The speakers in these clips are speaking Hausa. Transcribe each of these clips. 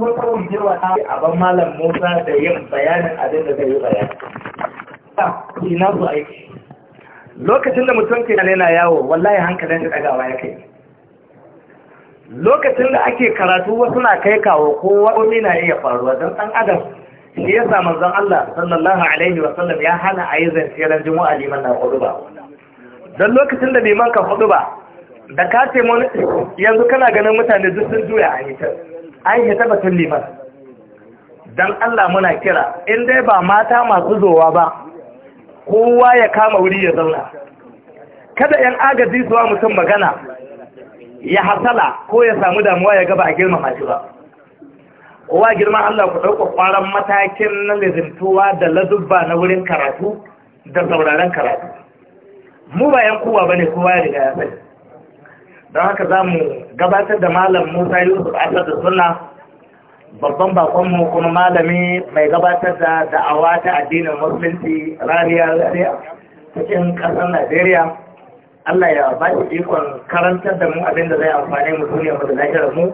wata wujewa na a ban malam musa da yin bayanin abin da zai yi bayani ina su aiki lokacin da mutum ke yana yawo wallahi hankalin shi ɗagawa ya kai lokacin da ake karatu wasu na kai kawo ko wani na iya faruwa don ɗan adam shi ya sa manzon Allah sallallahu alaihi wa sallam ya hana a yi zanciyar juma'a liman na hudu ba don lokacin da liman ka hudu ba da ka ce yanzu kana ganin mutane duk sun juya a hitar ai ya tabbatar liman dan Allah muna kira in dai ba mata masu zowa ba kowa ya kama wuri ya zauna kada yan agaji suwa mutum magana ya hasala ko ya samu damuwa ya gaba a girmama shi ba kowa girman Allah ku ɗauka kwaran matakin na lizintuwa da lazubba na wurin karatu da sauraren karatu mu ba yan kowa bane kowa ya riga ya sani don haka za mu gabatar da malam musa yusuf da suna babban bakonmu kuma malami mai gabatar da da'awa ta addinin musulunci rariya rariya cikin ƙasar najeriya allah ya ba shi ikon karantar da mu abin da zai amfani mu duniya mu da mu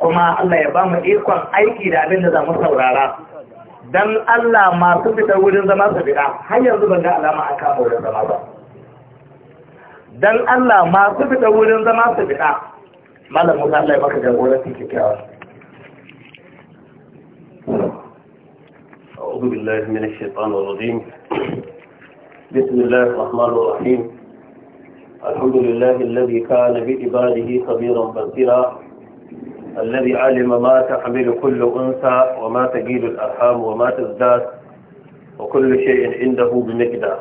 kuma allah ya ba mu ikon aiki da abin da za mu saurara dan allah masu fitar wurin zama su fita har yanzu ban ga alama an kama wurin zama ba dan Allah masu fita wurin zama su fita malamu Musa Allah ya maka jagoranci kyakkyawa أعوذ بالله من الشيطان الرجيم بسم الله الرحمن الرحيم الحمد لله الذي كان بإباده خبيرا بصيرا الذي علم ما تحمل كل أنثى وما تجيل الأرحام وما تزداد وكل شيء عنده بمقدار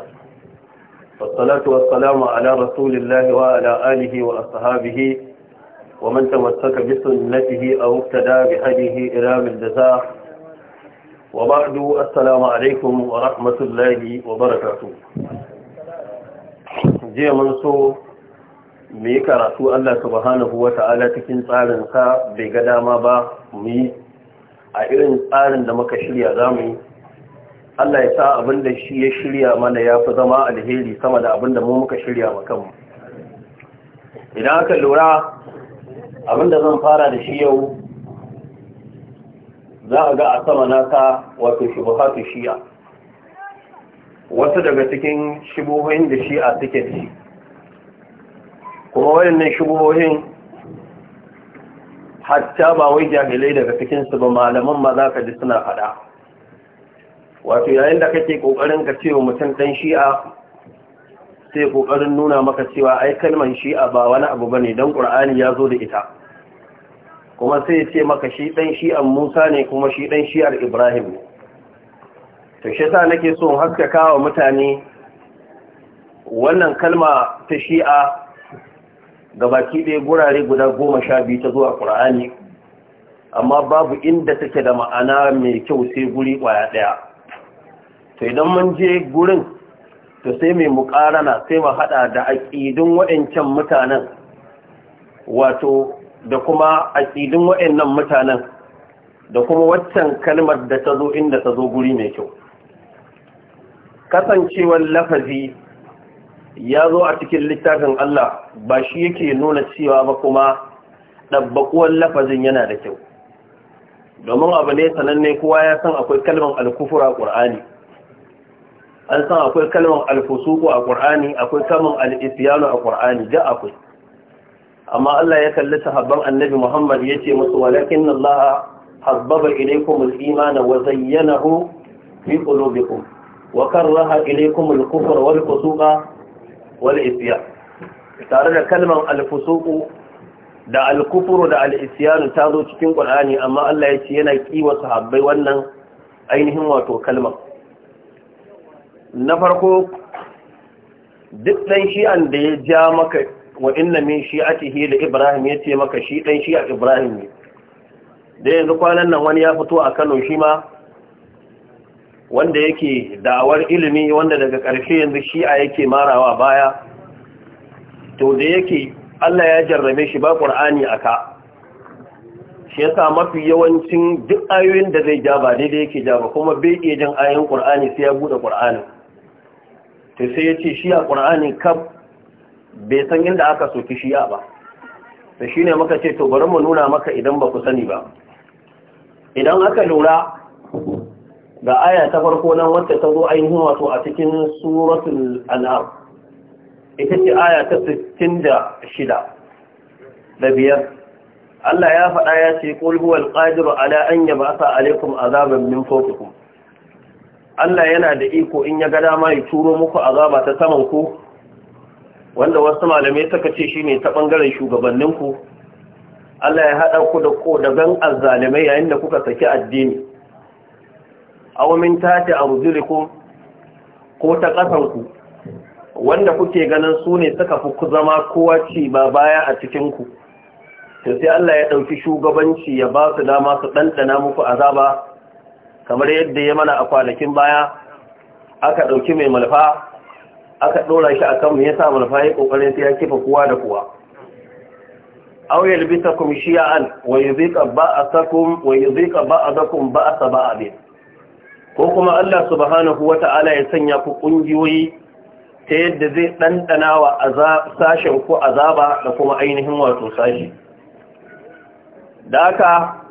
والصلاة والسلام على رسول الله وعلى آله وأصحابه ومن تمسك بسنته أو اقتدى بهديه إلى الجزاء وبعد السلام عليكم ورحمة الله وبركاته jiya mun so mu yi karatu Allah subhanahu wa ta'ala cikin tsarin sa bai ga dama ba mu yi a irin tsarin da muka shirya za mu yi Allah ya sa abin da shi ya shirya mana ya fi zama alheri sama da abin da mu muka shirya ma kanmu idan aka lura abin da zan fara da shi yau za a ga a sama naka wato shubuhatu shi'a wasu daga cikin shubuhohin da shi a suke shi kuma wayannan shubuhohin hatta ba wai jahilai daga cikinsu ba malaman ma za ka ji suna faɗa wato yayin da kake kokarin ka cewa mutum dan shi'a sai kokarin nuna maka cewa ai kalman shi'a ba wani abu bane dan qur'ani ya zo da ita kuma sai ce maka shi dan shi'an Musa ne kuma shi dan shi'ar Ibrahim ne to shi yasa nake so haskaka wa mutane wannan kalma ta shi'a ga baki ɗaya gurare guda goma sha biyu ta zuwa ƙur'ani amma babu inda take da ma'ana mai kyau sai guri ƙwaya ɗaya sai idan mun je gurin to sai mai mukarana sai mu hada da aƙidun waɗancan mutanen wato da kuma aƙidun waɗannan mutanen da kuma waccan kalmar da ta zo inda ta zo guri mai kyau kasancewar lafazi ya zo a cikin littafin Allah ba shi yake nuna cewa ba kuma ɗabbaƙuwar lafazin yana da kyau domin abu ne sananne kowa ya san akwai kalmar alkufura ƙur'ani an san akwai kalmar alfusuku a ƙur'ani akwai kalmar al'isiyanu a ƙur'ani da akwai amma Allah ya kalli sahabban annabi Muhammad ya ce musu walakin Allah habbaba ilaykum al-iman wa zayyanahu fi qulubikum wa karraha ilaykum al-kufra wal fusuqa wal tare da kalmar al da al-kufru da al-isyan ta zo cikin ƙur'ani, amma Allah ya ce yana kiwa sahabbai wannan ainihin wato kalmar na farko duk ɗan shi'an da ya ja maka wa inna min shi'atihi da Ibrahim ya ce maka shi ɗan shi'a Ibrahim ne da yanzu kwanan nan wani ya fito a Kano shi ma wanda yake da'awar ilimi wanda daga ƙarshe yanzu shi'a yake marawa baya to da yake Allah ya jarrabe shi ba a ka, shi yasa mafi yawancin duk ayoyin da zai ja ba daidai yake ja ba kuma bai iya jin ayoyin sai ya buɗe Qur'anin ta sai ya ce shi a ƙura'ani kaf bai san inda aka soki shi'a ba da shi ne maka ce to bari mu nuna maka idan ba ku sani ba idan aka lura ga aya ta farko nan wacce ta zo ainihin wato a cikin suratul an'am ita ce aya ta 66 da biyar Allah ya faɗa ya ce qul huwal qadiru ala an sa alaykum azaban min Allah yana da iko in ya ga dama ya turo muku azaba ta saman ku wanda wasu malamai suka ce shine ta bangaren shugabannin ku Allah ya hada ku da ko da gan azzalimai yayin da kuka saki addini aw min tati arzulikum ko ta kasan ku wanda kuke ganin su ne suka fi ku zama kowa ci ba baya a cikin ku to sai Allah ya dauki shugabanci ya ba su dama su dandana muku azaba kamar yadda ya mana a kwanakin baya aka ɗauki mai malfa aka ɗora shi a kan mu ya sa malfa ya ƙoƙarin sai ya kifa kuwa da kuwa auyar bisa kuma shiya'an zika ba a sakun zika ba a zakun ba a saba abin ko kuma Allah subhanahu wa ta'ala ya sanya ku ƙungiyoyi ta yadda zai ɗanɗana wa sashen ku azaba da kuma ainihin wato sashi da haka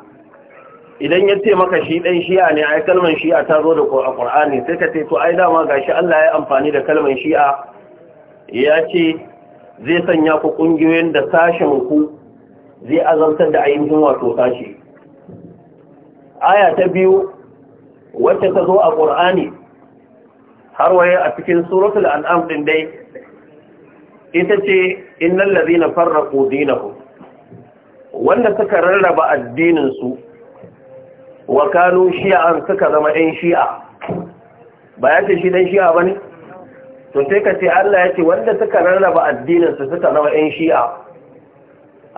idan ya ce maka shi ɗan shi'a ne ai kalman shi'a ta zo da ƙur'ani sai ka ce to ai dama gashi Allah ya amfani da kalman shi'a ya ce zai sanya ku ƙungiyoyin da sashen ku zai azantar da ainihin wato sashi aya ta biyu wacce ta zo a ƙur'ani har waye a cikin suratul an'am din dai ita ce innal ladina farraqu dinahum wanda suka rarraba addinin su wa kanu shi'an suka zama ɗin shi'a ba ya ce shi ɗan shi'a ba ne? to sai ka ce Allah ya ce wanda suka rarraba addininsu suka zama ɗin shi'a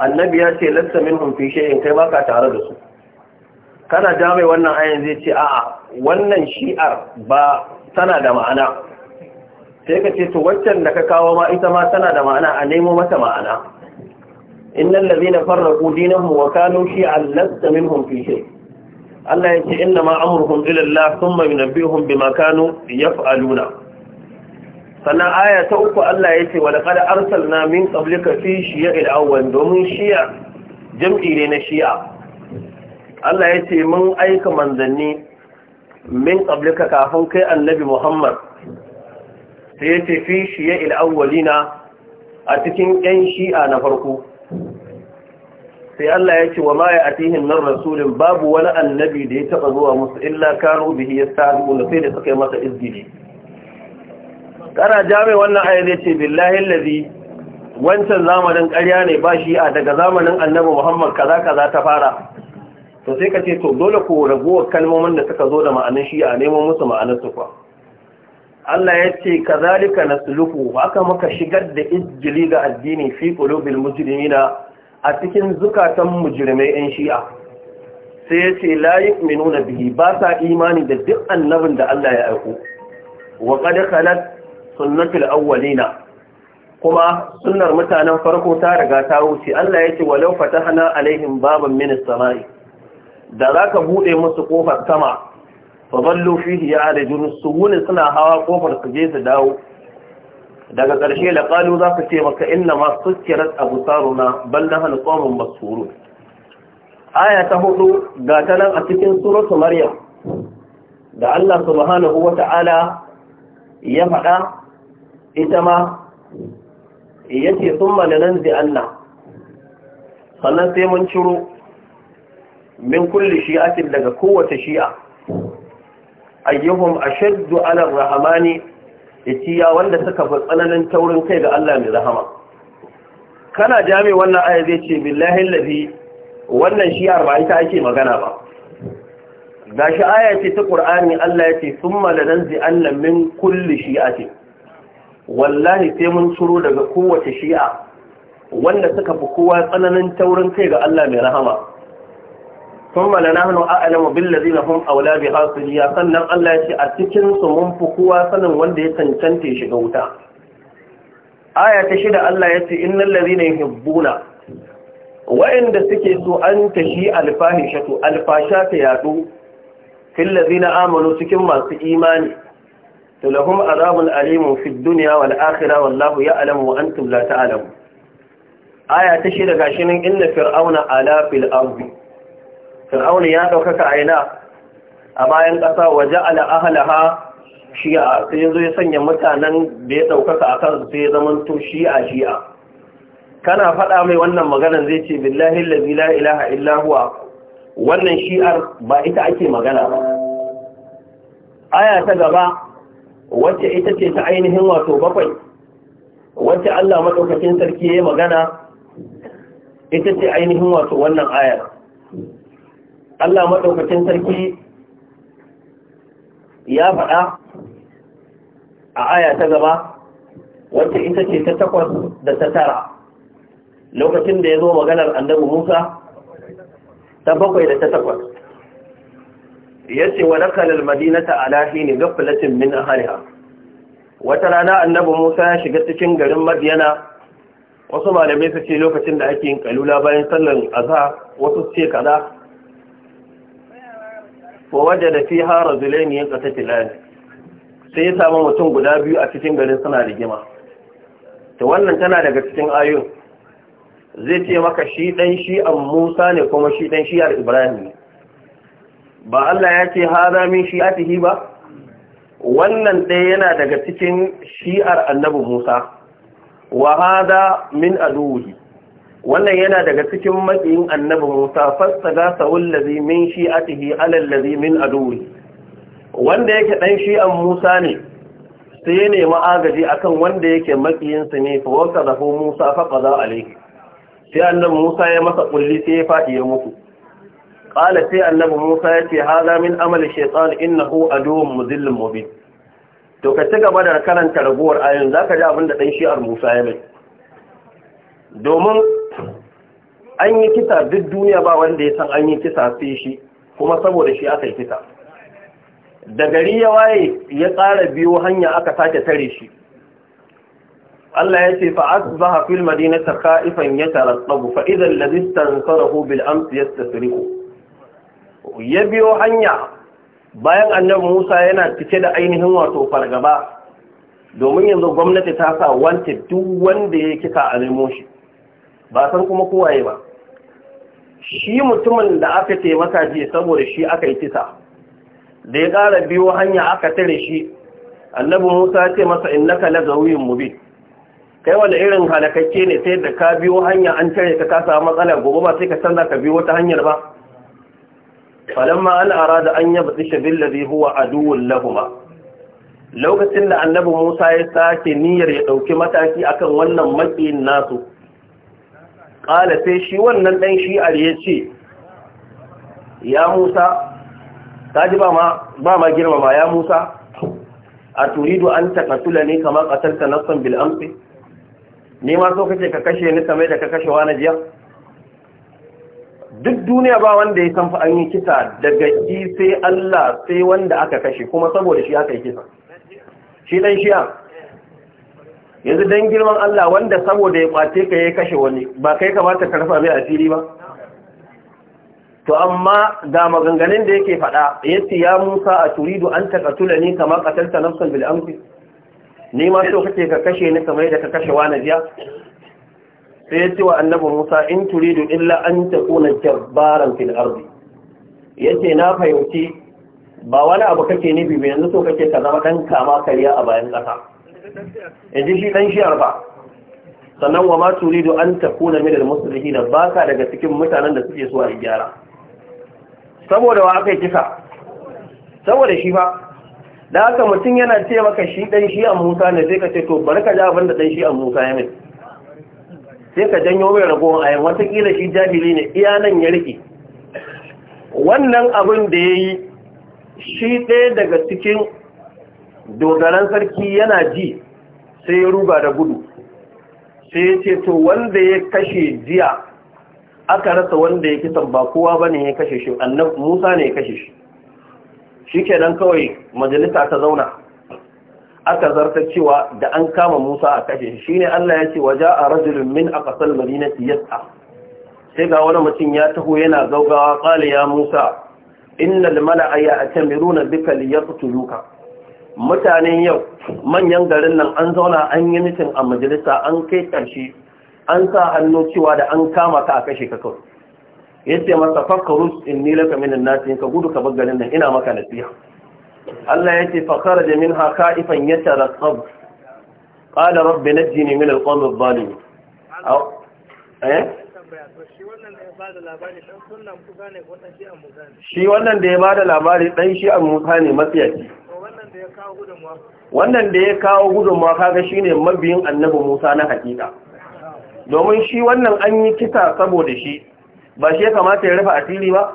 annabi ya ce lasta min hunfi shi'in kai ba ka tare da su kana jami wannan ayin zai ce a'a wannan shi'ar ba tana da ma'ana sai ka ce to waccan da ka kawo ma ita ma tana da ma'ana a nemo mata ma'ana innal ladina farraqu dinahum wa kanu shi'an lasta minhum fi shay' Allah ya ce inna ma amurkum ila Allah thumma yunabbihum bima kanu yaf'aluna sannan aya ta uku Allah ya ce wa laqad arsalna min qablika fi shiya'il awwal domin shiya jam'i ne na shi'a Allah ya ce mun aika manzanni min qablika kafin kai annabi Muhammad sai ya ce fi shiya'il awwalina a cikin 'yan shi'a na farko sai Allah ya ce wa ma ya atihim nan rasulin babu wani annabi da ya taba zuwa musu illa kanu bihi yastahzi'un sai da suka yi masa izgili kana jami wannan aya ya ce billahi Ladi, wancan zamanin ƙarya ne ba shi a daga zamanin annabi Muhammad kaza kaza ta fara to sai ka ce to dole ko raguwar kalmomin da suka zo da ma'anin shi a neman musu ma'anar su fa Allah ya ce na suluku haka muka shigar da izgili ga addini fi qulubil mujrimina a cikin zukatan mujirmai yan shi'a sai ya ce la yu'minuna bihi ba sa imani da duk annabin da Allah ya aiko wa qad khalat sunnatul awwalina kuma sunnar mutanen farko ta riga ta wuce Allah ya ce walau fatahna alaihim baban min as-sama'i da zaka bude musu kofar sama fa ballu fihi ya suwun suna hawa kofar su je su dawo daga ƙarshe da za ka ce maka inna ma sukkirat abu saruna bal na hannu tsohon masuru aya ta hudu ga ta nan a cikin suratu maryam da allah subhanahu wa ta'ala ya faɗa ita ma ya ce sun malanan zai allah sannan sai mun ciro min kulli shi'atin daga kowace shi'a ayyuhum ashaddu ala rahmani ya wanda suka fi tsananin taurin kai ga Allah mai rahama kana jami wannan aya zai ce billahi lafi wannan shi arba ita ake magana ba ga shi aya ce ta ƙur'ani Allah ya ce sun malaran zi'annan min kulli shi'a ce wallahi sai mun turo daga kowace shi'a wanda suka fi kowa tsananin taurin kai ga Allah mai rahama ثم لنحن أعلم بالذين هم أولى بها صليا sannan Allah yace ce a cikin mun fi kowa sanin wanda ya cancanta shiga wuta aya ta shida Allah ya ce innal ladhina yuhibbuna wa'inda suke so an tashi alfahishatu alfasha ta yadu fil ladhina amanu cikin masu imani to azabin azabun alimun fid dunya wal akhirah wallahu ya'lamu wa antum la ta'lamun aya ta shida gashin inna fir'auna ala fil ardi fir'auna ya ɗaukaka a a bayan ƙasa waje ala ahalaha shi'a sai zo ya sanya mutanen da ya ɗaukaka a su sai ya zama to shi'a shi'a kana faɗa mai wannan maganan zai ce billahi lazi la ilaha illa huwa wannan shi'ar ba ita ake magana ba aya ta gaba wacce ita ce ta ainihin wato bakwai wacce Allah madaukakin sarki ya magana ita ce ainihin wato wannan ayar Allah maɗaukacin sarki ya faɗa a aya ta gaba wacce ita ce ta takwas da ta tara lokacin da ya zo maganar annabi Musa ta bakwai da ta takwas Yace wa dakalar madinata alahi ne gafalatin min ahaliha wata rana annabi Musa ya shiga cikin garin Madiyana wasu malamai su ce lokacin da ake yin kalula bayan sallar azhar wasu ce kaza da wa wajada fiha rajulaini filani sai ya samu mutum guda biyu a cikin garin suna rigima Ta wannan tana daga cikin ayun zai ce maka shi dan shi an Musa ne kuma shi ɗan shi Ibrahim ba Allah ya ce hada min shi'atihi ba wannan ɗaya yana daga cikin shi'ar annabi Musa wa hada min aduhi wannan yana daga cikin matsayin annabi Musa da sawul ladhi min shi'atihi ala alladhi min aduwi wanda yake dan shi'an Musa ne sai ya nemi agaji akan wanda yake makiyin sa ne fa wasa da Musa fa qada alayhi sai annabi Musa ya masa kulli sai ya faɗi ya mutu ƙala sai annabi Musa ya ce hada min amali shaytan innahu aduwwun mudhillun mubin to ka ci gaba da karanta raguwar za zaka ji abin da dan shi'ar Musa ya mai domin an yi kisa duk duniya ba wanda ya san an yi kisa sai shi kuma saboda shi aka yi kisa da gari ya waye ya tsara biyo hanya aka sake tare shi Allah ya ce fa asbaha fil madinati khaifan yatarattabu fa idha alladhi istansarahu bil amsi yastasriku ya biyo hanya bayan annabi Musa yana cike da ainihin wato fargaba domin yanzu gwamnati ta sa wanted duk wanda ya kika alimoshi shi ba san kuma kowaye ba shi mutumin da aka ce masa ji saboda shi aka yi kisa da ya ƙara biyo hanya aka tare shi annabi musa ce masa in na zauyin mubi kai wani irin halakakke ne sai da ka biyo hanya an tare ka kasa matsala gobe ba sai ka canza ka biyo wata hanyar ba falamma an da an yaba tsaye zai huwa duwun lahuma lokacin da annabi musa ya sake niyyar ya ɗauki mataki akan wannan maƙiyin nasu ƙala sai shi wannan ɗan a ya ce ya musa ta ji ba ma girmama ya musa a turidu an tula ne kamar ƙasarta nassan bil'amfi ne ma so kake ka kashe ni kamar da ka kashe na jiya duk duniya ba wanda ya sanfa an yi kisa daga ƙi sai Allah sai wanda aka kashe kuma saboda shi aka yi kisa shi ɗan shi'a yanzu don girman Allah wanda saboda ya kwace ka ya kashe wani ba kai kamata ka rufa mai asiri ba to amma ga maganganun da yake faɗa yace ya Musa a turidu an taqatula ni kama qatalta nafsan bil amsi ni ma so kake ka kashe ni kamar da ka kashe wani jiya sai yace wa annabi Musa in turidu illa an takuna jabbaran fil ardi yace na fahimci ba wani abu kake nufi ba yanzu so kake ka zama dan kama kariya a bayan ƙasa yanzu shi dan shi arba, sannan wa ma turidu an takuna min al-muslimin baka daga cikin mutanen da suke so a gyara saboda wa aka kisa saboda shi ba da haka mutum yana ce maka shi dan shi an Musa ne sai ka ce to bari ka ji da dan shi an Musa ya mai sai ka janyo mai ragowar ayan watakila shi jahili ne iya nan ya rike wannan abin da ya yi shi ɗaya daga cikin dogaran sarki yana ji sai ya ruga da gudu sai ya ce to wanda ya kashe jiya aka rasa wanda ya kisan ba kowa ba ne ya kashe shi annan musa ne ya kashe shi shi nan kawai majalisa ta zauna aka zarta cewa da an kama musa a kashe shi Shi ne allah ya ce waje a rajulun min a ƙasar marinati siyasa. sai ga wani mutum ya taho yana gaugawa ƙali ya musa innal mala'a ya a ya bika mutanen yau manyan garin nan an zauna an yi mitin a majalisa an kai ƙarshe an sa hannu cewa da an kama ka a kashe ka kawai ce masa in nila ka minin nasi ka gudu ka bar garin nan ina maka nasiha Allah ya ce da min haka ifan ya tara yatarqab qala rabbi jini min alqawmi adh-dhalimin eh? shi wannan da ya ba da labari ɗan shi a musa ne matsiyaci wannan da ya kawo gudunmawa kaga shine mabiyin annabi Musa na hakika domin shi wannan an yi kisa saboda shi ba shi ya kamata ya rufe asiri ba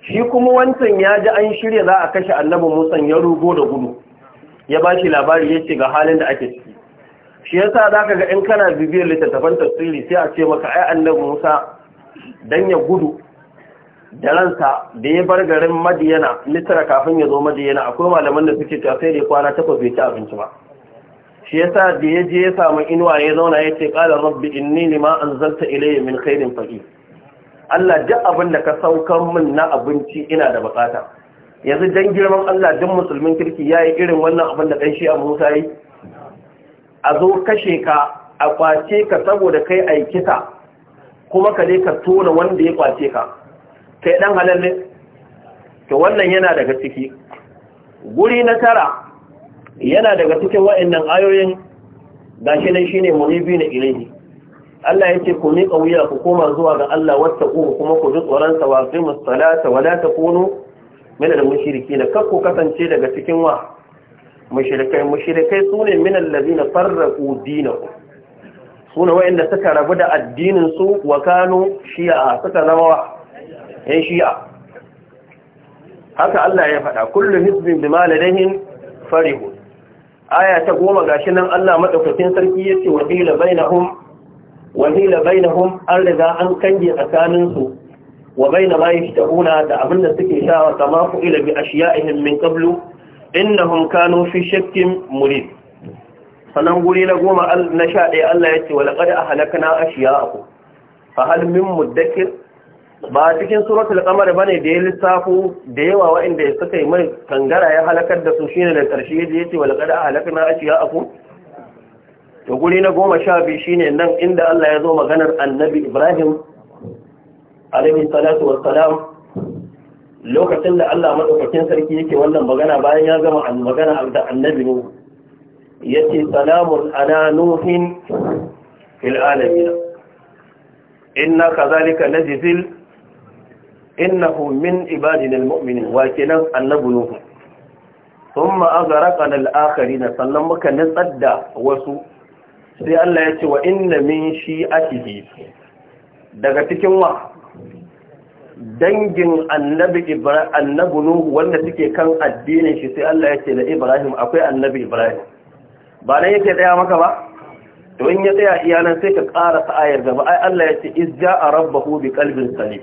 shi kuma wancan ya ji an shirya za a kashe annabi Musa ya rugo da gudu ya ba shi labari ya ce ga halin da ake ciki shi yasa za ka ga in kana bibiyar littattafan tasiri sai a ce maka ai annabi Musa dan ya gudu da ransa da ya bar garin madiyana litara kafin ya zo madiyana akwai malaman da suke cewa sai da kwana takwas bai ci abinci ba shi yasa da ya je ya samu inuwa ya zauna ya ce kala rabbi inni zarta anzalta ilayya min khairin faqir Allah duk abin da ka saukar min na abinci ina da bukata yanzu dan girman Allah duk musulmin kirki yayi irin wannan abin da dan a Musa yi a zo kashe ka a kwace ka saboda kai aikita kuma ka je ka tona wanda ya kwace ka kai dan halal ne to wannan yana daga ciki guri na tara yana daga cikin wa'annan ayoyin gashi ne shine munibi ne ilahi Allah yake ku miƙa wuya ku koma zuwa ga Allah wattaqu kuma ku ji tsoron sa wa fi musallata wa la takunu min al mushrikin kar ku kasance daga cikin wa mushrikai mushrikai sune min alladhina farraqu dinahum sune wa'anda suka rabu da addinin su wa kanu shi'a suka zama wa yan shi'a haka Allah ya faɗa kullum hizbin bima ladayhim farihun aya ta goma ga shi nan Allah madaukakin sarki yace ce hila bai na hila an riga an kange tsakanin su wa baina ma yashtahuna da abin da suke shawa kama ku ila bi ashiya'ihim min qablu innahum kanu fi shakkin murid sanan guri na goma na sha ɗaya Allah yace wa a ahlakna ashiya'akum fa hal min mudakkir ba cikin suratul qamar bane da ya lissafo da yawa inda suka yi mai kangara ya halakar da su shine da karshe yaje yace wal qad ahlakna ashya'akum to guri na goma sha biyu shine nan inda Allah ya zo maganar annabi Ibrahim alaihi salatu wassalam lokacin da Allah madaukakin sarki yake wannan magana bayan ya gama magana da annabi ya yace salamun ala nuhin fil alamin inna kadhalika najzil innahu min ibadina almu'minin wa kenan annabi nuhu thumma aghraqna al-akharin sannan muka nutsar da wasu sai Allah ya ce wa inna min shi'atihi daga cikin wa dangin annabi nuhu wanda suke kan addinin shi sai Allah ya ce da ibrahim akwai annabi ibrahim ba nan yake tsaya maka ba to in ya tsaya iyalan sai ka ƙara ayar gaba ai Allah ya ce iz ja'a rabbahu bi kalbin salim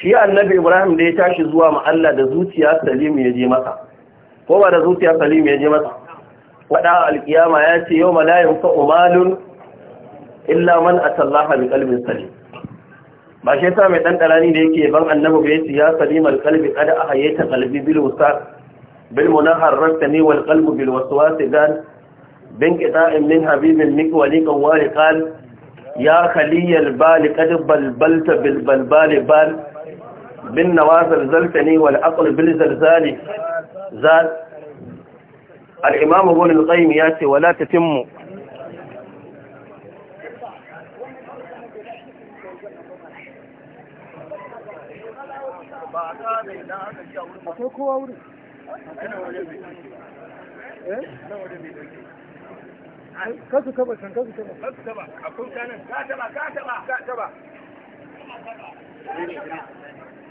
shi annabi ibrahim da ya tashi zuwa ma Allah da zuciya salimu ya je masa ko ba da zuciya salimu ya je masa wada alkiyama ya ce yau malayin fa umalun illa man atallaha bi qalbin salim ba shi yasa mai dan dalani da yake ban annabi bai ce ya salim alqalbi qad ahayta qalbi bil wasaq bil munahar rasani wal qalbu bil waswas dan bin qita'in min habibin mik wa liqan wa liqal ya khaliyal bal qad balbalta bil balbal bal bin nawa zalzaltani wal aql bil zalzali zal al-imam ibn al-qayyim ya ce wala tatimmu akwai eh? taba ka taba ka taba ka taba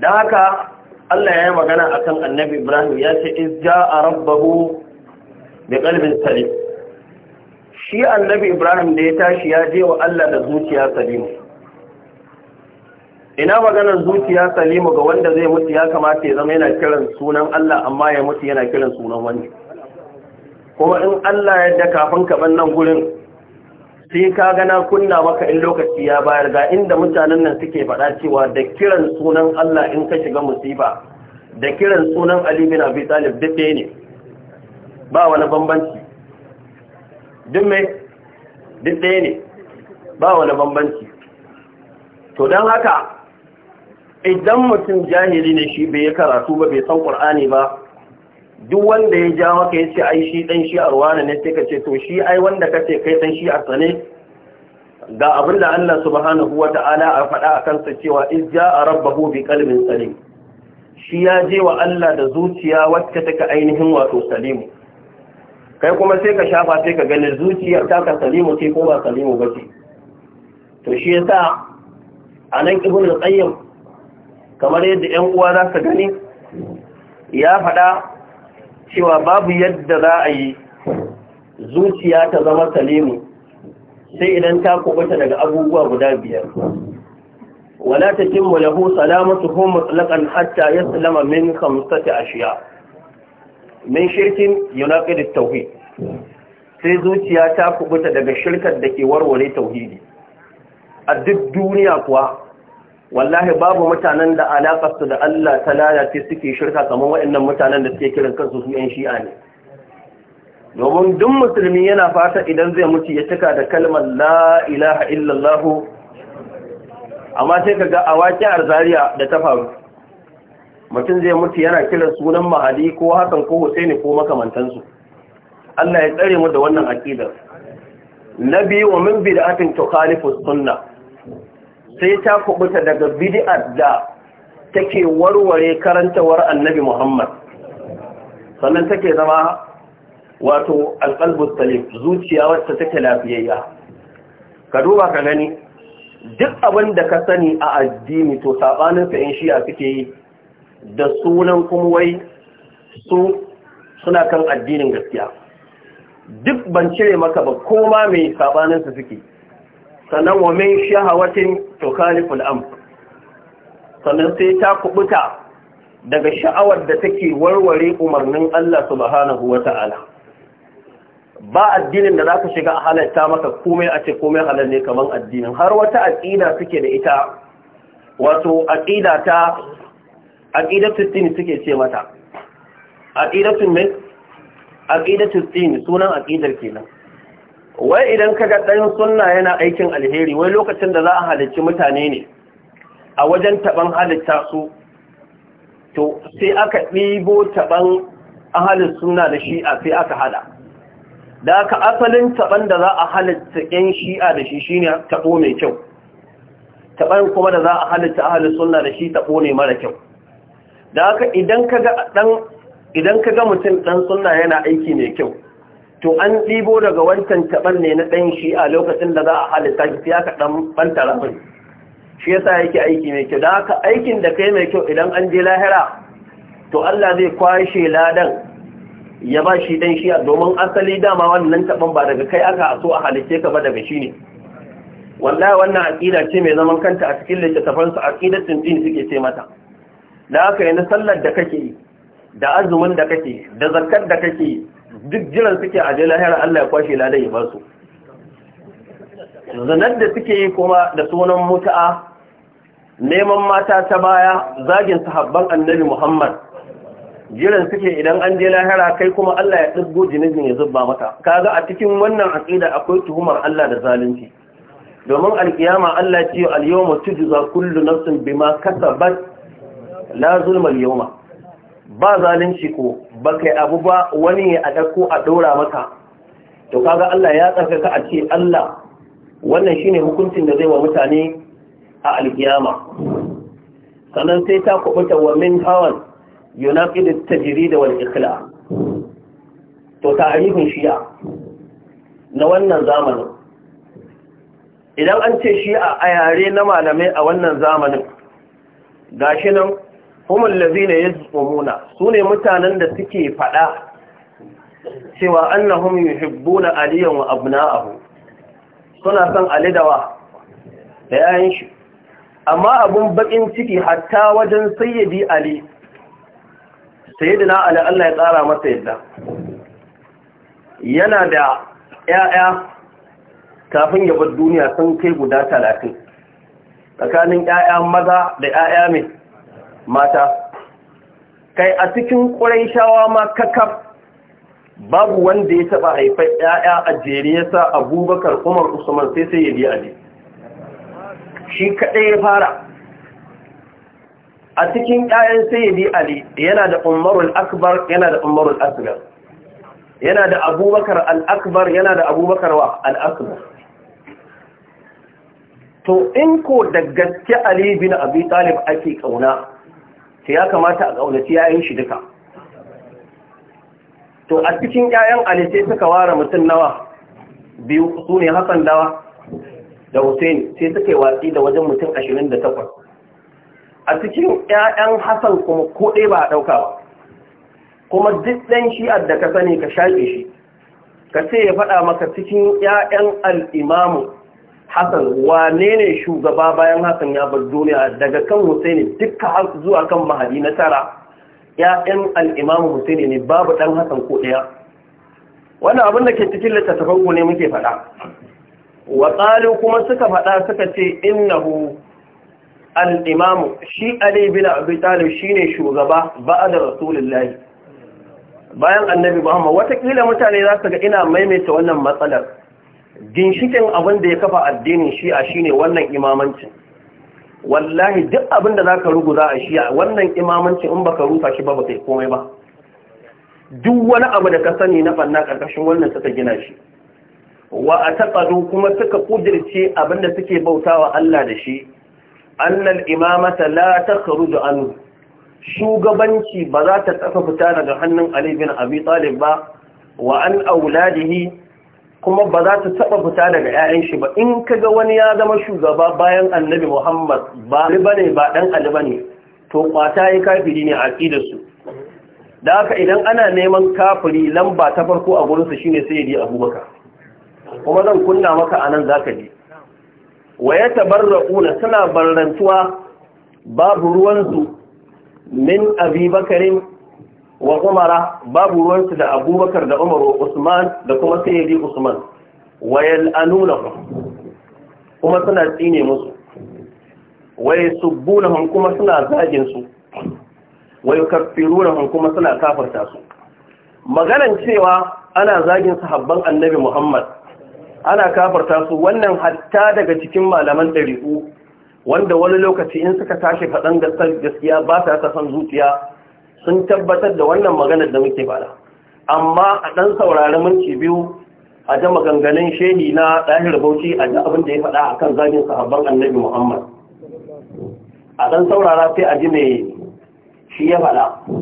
da haka Allah ya yi magana a kan annabi Ibrahim ya ce izja a rabbahu da kalbin salim shi annabi Ibrahim da ya tashi ya je wa Allah da zuciya salimu ina maganar zuciya salimu ga wanda zai mutu ya kamata ya zama yana kiran sunan Allah amma ya mutu yana kiran sunan wani kuma in Allah ya da kafin kaban nan gurin sai ka gana kunna maka in lokaci ya bayar ga inda mutanen nan suke faɗa cewa da kiran sunan Allah in ka shiga musifa da kiran sunan Ali bin Abi Talib dake ne ba wani bambanci din mai din ɗaya ne ba wani bambanci to don haka idan mutum jahili ne shi bai karatu ba bai san ƙur'ani ba duk wanda ya ja maka ya ce ai shi dan shi ruwa ne sai ka ce to shi ai wanda kace kai dan shi tsane ga abin da Allah subhanahu Ta'ala a faɗa a kansa cewa izja a rabbahu bi qalbin salim shi ya je wa Allah da zuciya wacce take ainihin wato salimu kai kuma sai ka shafa sai ka ganin zuciya ta ka salimu ce ko ba salimu ba ce to shi yasa a nan ibn al-qayyim kamar yadda ƴan uwa za su gani ya faɗa cewa babu yadda za a yi zuciya ta zama salimu sai idan ta kubuta daga abubuwa guda biyar wala ta kimmu lahu salamatu hu mutlaqan hatta yaslama min khamsati ashiya min shirkin yunaqid at-tauhid sai zuciya ta kubuta daga shirkar da ke warware tauhidi a duk duniya kuwa wallahi babu mutanen da alaƙarsu da Allah ta lalace suke shirka kamar waɗannan mutanen da suke kiran kansu su ‘yan shi'a ne. Domin duk musulmi yana fata idan zai mutu ya cika da kalmar la ilaha Illallah. amma sai ka ga a waƙiyar zariya da ta faru. Mutum zai mutu yana kiran sunan mahadi ko hakan ko Husaini ko makamantansu. Allah ya tsare mu da wannan aƙidar. Na biyu wa min bid'atin tukhalifu sunnah sai ta kubuta daga bid'ar da take warware karantawar annabi Muhammad sannan take zama wato alqalbus salim zuciya wacce take lafiyayya ka duba ka gani duk abin da ka sani a addini to sabanin sa in shi'a suke yi da sunan kuma wai su suna kan addinin gaskiya duk ban cire maka ba koma mai saɓaninsa suke sannan wa min shahawatin tukhaliful am sannan sai ta kubuta daga sha'awar da take warware umarnin Allah subhanahu wata'ala ba addinin da zaka shiga a halatta maka komai a ce komai halal ne kaman addinin har wata aqida suke da ita wato aqida ta aqidatu tin suke ce mata aqidatu min aqidatu tin sunan aqidar kenan wai idan kaga ɗan sunna yana aikin alheri wai lokacin da za a halicci mutane ne a wajen taɓan halitta su to sai aka ɗibo taɓan ahalin sunna da shi'a sai aka hada da aka asalin taɓan da za a halitta ƴan shi'a da shi shine taɓo mai kyau Taɓan kuma da za a halitta ahalin sunna da shi taɓo ne mara kyau da aka idan kaga ga idan kaga mutum ɗan sunna yana aiki mai kyau to an ɗibo daga wancan taɓar ne na ɗan shi a lokacin da za a halitta shi sai aka ɗan ɓanta rafin shi yasa yake aiki mai kyau da haka aikin da kai mai kyau idan an je lahira to Allah zai kwashe ladan ya ba shi ɗan shi domin asali dama wannan taɓan ba daga kai aka so a halitta ka ba daga shi ne wallahi wannan aƙida ce mai zaman kanta a cikin littattafansu aqidatun din suke ce mata da haka yana sallar da kake da azumin da kake da zakkar da kake duk jiran suke a jela lahira Allah ya kwashe ladan ya basu zanar da suke yi kuma da sunan muta'a neman mata ta baya zagin sahabban annabi Muhammad jiran suke idan an je lahira kai kuma Allah ya tsibbo jinizin ya zubba mata kaga a cikin wannan aqida akwai tuhumar Allah da zalunci domin alƙiyama Allah ce al-yawma tujza kullu nafsin bima kasabat la zulma al-yawma ba zalunci ko ba kai abu ba wani a ɗauko a ɗora maka to kaga Allah ya tsarkaka a ce Allah wannan shine hukuncin da zai wa mutane a alkiyama sannan sai ta kubuta wa min hawan yunaqidu tajrid wal ikhla to tarihin shi'a na wannan zamanin idan an ce shi'a a yare na malamai a wannan zamanin gashi nan humul lazina yazqumuna sune mutanen da suke fada cewa annahum yuhibbuna aliyan wa abna'ahu suna son ali da yayin shi amma abun bakin ciki hatta wajen sayyidi ali sayyidina ali Allah ya tsara masa yadda yana da 'ya'ya kafin ya bar duniya sun kai guda talatin, tsakanin yaya maza da 'ya'ya mai mata kai a cikin shawa ma kakaf babu wanda ya taɓa haifar ‘ya'ya a jere ya sa abubakar umar usman sai sai ya biya ali shi kaɗai ya fara a cikin ‘ya'yan sai ya biya ali yana da umarul akbar yana da umarul asgar yana da abubakar al'akbar yana da abubakar wa al'akbar to in ko da gaske ali bin abi talib ake ƙauna ta ya kamata a ƙaunaci yayin shi duka to a cikin yayan ali sai suka ware mutum nawa biyu su ne hasan dawa da hussein sai suka yi watsi da wajen mutum ashirin da takwas a cikin yayan hasan kuma ko ba a ɗauka ba kuma duk ɗan shi'ar da ka sani ka shaƙe shi ka ce ya faɗa maka cikin yayan al'imamu Hassan wane ne shugaba bayan Hassan ya bar duniya daga kan Husaini dukkan zuwa kan Mahadi na tara Ya'yan al-Imam ne babu dan Hassan ko daya wannan abin da ke cikin littattafan ku ne muke faɗa wa qalu kuma suka faɗa suka ce innahu al-Imam shi Ali bin Abi Talib shine shugaba ba'da Rasulullahi bayan Annabi Muhammad watakila mutane za su ga ina maimaita wannan matsalar ginshikin abin da ya kafa addinin shi'a shine wannan imamancin wallahi duk abin da za ka ruguza a shi'a wannan imamancin in baka rusa shi ba ba kai komai ba duk wani abu da ka sani na banna karkashin wannan suka gina shi wa a ataqadu kuma suka ƙudirce abin da suke bautawa Allah da shi annal imamata la da anu. shugabanci ba za ta tsaka fita daga hannun Ali bin Abi Talib ba wa an auladihi kuma ba za ta taɓa fita daga 'ya'yan shi ba in ka ga wani ya zama shugaba bayan annabi muhammad ba ali bane ba ɗan ali ne. to kwata ya kafiri ne a su da haka idan ana neman kafiri lamba ta farko a gurinsa shine sai ya abubakar kuma zan kunna maka anan zaka ji wa ya tabarra'una suna barrantuwa babu ruwansu min abi wa umara babu ruwansu da abubakar da umar wa usman da kuma sayyidi usman wa anuna kuma suna tsine musu wa hun kuma suna zagin su wa hun kuma suna kafarta su maganan cewa ana zagin sahabban annabi Muhammad ana kafarta su wannan hatta daga cikin malaman ɗari'u wanda wani lokaci in suka tashi faɗan gaskiya ba sa ta san zuciya sun tabbatar da wannan maganar da muke bada amma a ɗan saurari minti biyu a ji maganganun shehi na ɗahir bauchi a ji abin da ya faɗa a kan zagin sahabban annabi muhammad a ɗan saurara sai a ji mai shi ya faɗa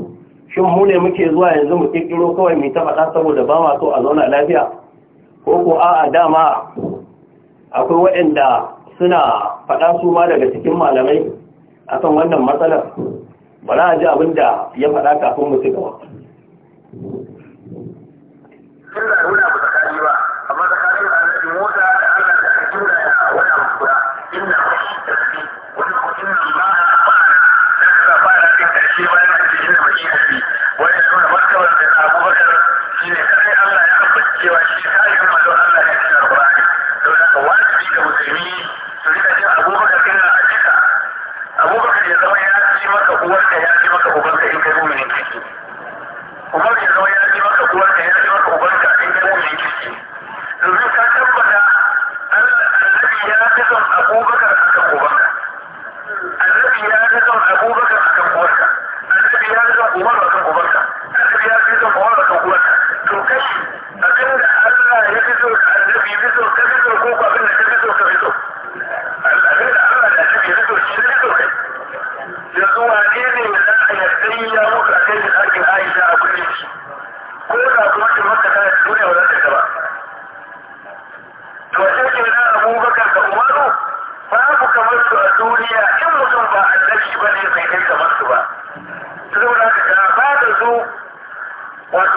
shin mu ne muke zuwa yanzu mu kirkiro kawai mai ta faɗa saboda ba ma so a zauna lafiya ko ko a dama akwai waɗanda suna faɗa su ma daga cikin malamai akan wannan matsalar ba za a ji abin da ya faɗa kafin mu ci gaba.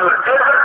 Senhor.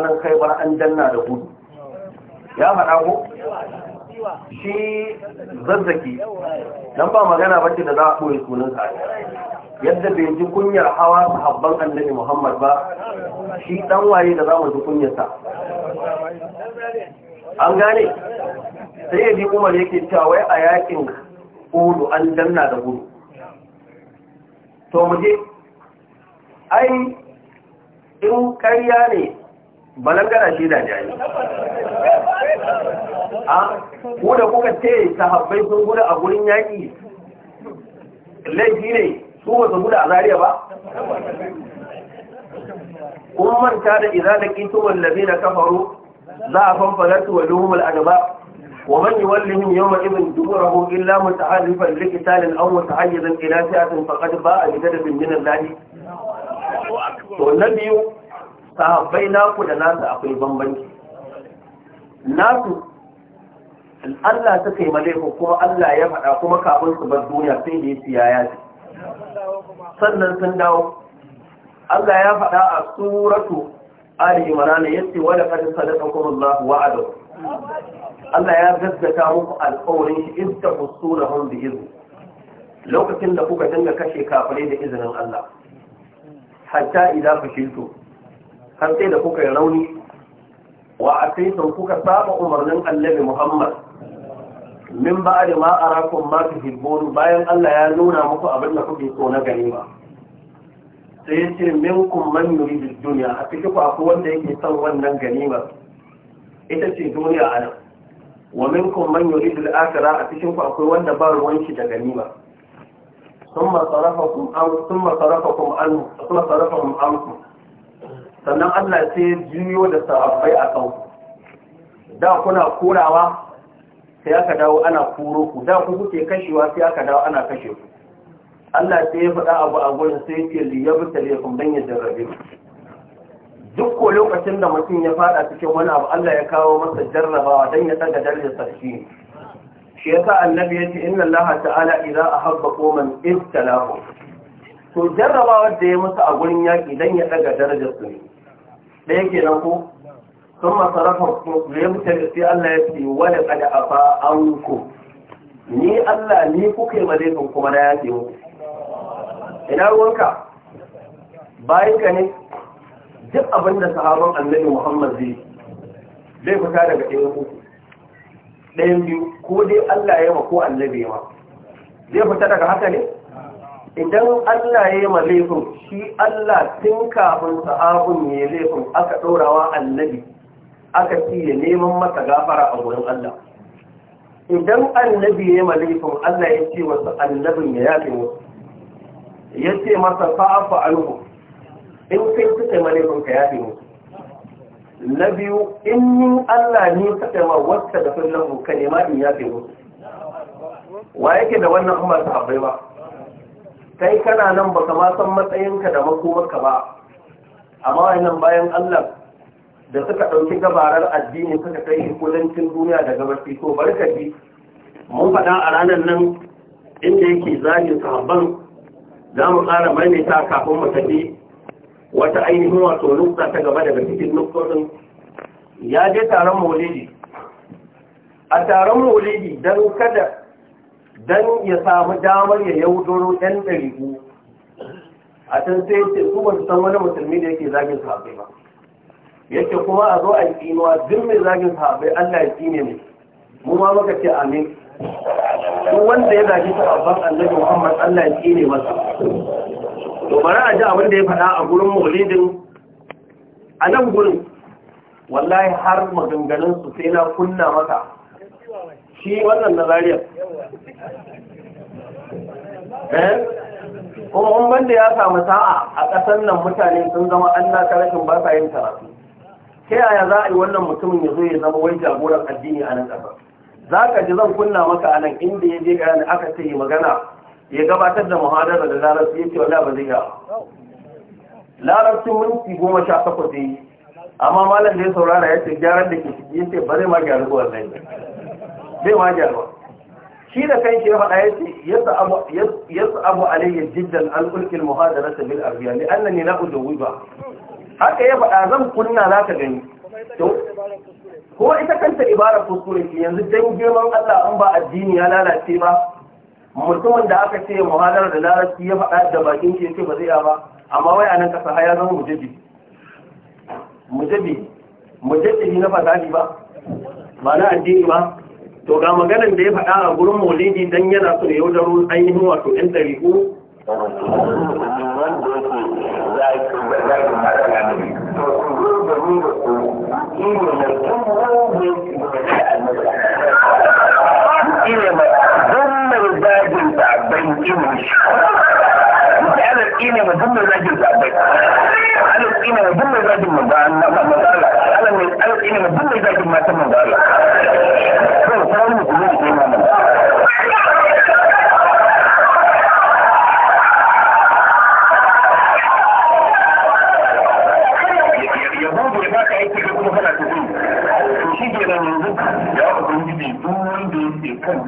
ranar kai ba an danna da gudu, ya faɗa ko shi zazzaki dan ba magana bace da za a ɓoye sunansa yadda bai ji kunyar hawa habban annabi muhammad ba shi ɗan waye da za mu ji kunyarsa an gane sai ya ji umar yake cewa wai a yakin hudu an danna da hudu to mu je ai in karya ne balangana shi da jayi a kuda kuka ce sahabbai sun gudu a gurin yaƙi laifi ne su ba su gudu a zariya ba kun manta da idza labi na kafaru za a fanfalatu wa lumul adaba wa man yuwallihim yawma idhin duburahu illa mutaharrifan liqitalin aw mutahayyizan ila fi'atin faqad ba'a bi ghadabin min Allah to na biyu sahabbai naku da nasu akwai bambanci nasu Allah ta kai malaiku kuma Allah ya faɗa kuma kafin su bar duniya sai da ya siyaya sannan sun dawo Allah ya faɗa a suratu Ali Imran yace wa laqad sadaqakum Allah wa'adahu Allah ya gaskata muku alƙawarin shi in ta hun da izni lokacin da kuka dinga kashe kafirai da izinin Allah hatta idan shirto har sai da kuka yi rauni wa a sai sau kuka saba umarnin annabi muhammad min ba da ma a rakon ma su bayan allah ya nuna muku abin da kuke so na gani ba sai ya ce min kun man yuri duniya a ciki ku akwai wanda yake son wannan ba ita ce duniya a nan wa min kun man yuri akhirah a cikin ku akwai wanda ba ruwan shi da ganima ثم صرفكم أو ثم صرفكم عنكم sannan Allah sai ya juyo da sahabbai a kan da kuna korawa sai aka dawo ana kuro ku da ku kuke kashewa sai aka dawo ana kashe ku Allah sai ya faɗa abu a gurin sai ya ce liyabu talaikum dan ya jarrabe duk ko lokacin da mutum ya faɗa cikin wani abu Allah ya kawo masa jarrabawa dan ya daga darajar shi Ya sa annabi ya ce inna Allah ta'ala idza ahabba qauman ibtalahu to jarraba wadda ya musu a gurin yaƙi don ya ɗaga darajar su ne da yake nan ko sun masarafa su ya mutu da sai Allah ya ce wani ƙada a an ku ni Allah ni kuka yi malaikun kuma na yaƙi muku ina ruwanka bayan ka ne duk abin da sahabon annabi Muhammad zai zai fita daga ɗaya uku ɗayan biyu ko dai Allah ya ma ko annabi ya ma zai fita daga haka ne idan Allah ya yi ma laifin shi Allah tun kafin sahabun ya yi laifin aka ɗorawa annabi aka ci ya neman masa gafara a wurin Allah idan annabi ya yi ma laifin Allah ya ce wasu annabin ya yafe musu ya ce masa fa'afa alhu in kai suka yi ma laifin ka yafe musu na biyu in yin Allah ne suka yi ma wacce da sun lahu ka nema in yafe musu wa yake da wannan kuma sahabbai ba kai kana nan ka ma san matsayinka da makomarka ba amma wannan bayan Allah da suka ɗauki gabarar addini suka kai kudancin duniya da gabashi to barkaci mun faɗa a ranar nan inda yake zagin sahabban za mu ƙara maimaita kafin mu tafi wata ainihin wato nukta ta gaba daga cikin nuktosin ya je taron maulidi a taron maulidi don kada don ya samu damar ya yaudoro ɗan ku. a can sai ce su ba su san wani musulmi da yake zagin sahabai ba yake kuma a zo a yi tsinuwa duk mai zagin sahabai Allah ya tsine ne mu ma muka ce amin duk wanda ya zagi sahabban annabi Muhammad Allah ya tsine masa to bari a ji abin da ya faɗa a gurin maulidin a nan gurin wallahi har maganganun su sai na kunna maka shi wannan nazariyar eh? kuma in banda ya samu sa'a a ƙasar nan mutane sun zama an naka rashin ba sa yin karatu ta yaya za a yi wannan mutumin ya zo ya zama wai jagoran addini a nan ƙasar za ka ji zan kunna maka a nan inda ya je gani aka ce yi magana ya gabatar da muhadara da larabci ya ce wala ba zai yawa larabcin minti goma sha takwas yi amma malam da ya saurara ya ce gyaran da ke ciki ya ce ba zai ma gyaru yi. bai ma gyarwa shi da kan ya faɗa ce yasa abu alayya jiddan an ulkil muhadarata bil arbiya na ku la udawiba haka ya faɗa zan kunna ka gani to ko ita kanta ibarar kuskure ce yanzu dan girman Allah an ba addini ya lalace ba mutumin da aka ce muhadar da larabci ya faɗa da bakin shi ce ba zai ba amma wai nan kasa haya zama mujabbi mujabbi mujabbi na fasali ba ba na addini ba to ga maganan da ya faɗa a gurin maulidi dan yana yau da ruwan ainihin wato ɗari ko? ina ba dun mai zagin zaɓai alaƙi ne dun mai zagin manzo Allah ne ba mai Allah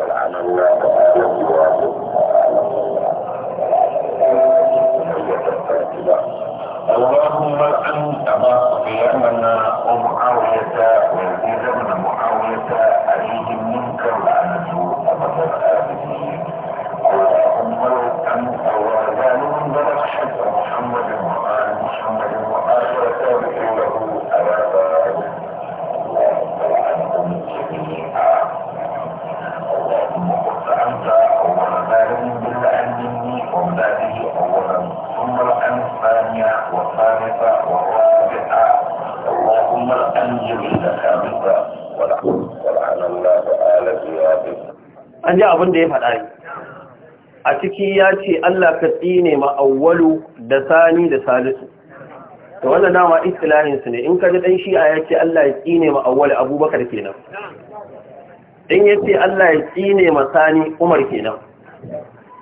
اللهم انت ما قيامنا ومعاويه من an ji abin da ya faɗa ne a ciki ya ce Allah ka tsine ma'awwalu da sani da salisu to wannan dama istilahin su ne in ka ji dan shi'a ya ce Allah ya tsine ma'awwalu abubakar kenan in ya ce Allah ya tsine ma sani umar kenan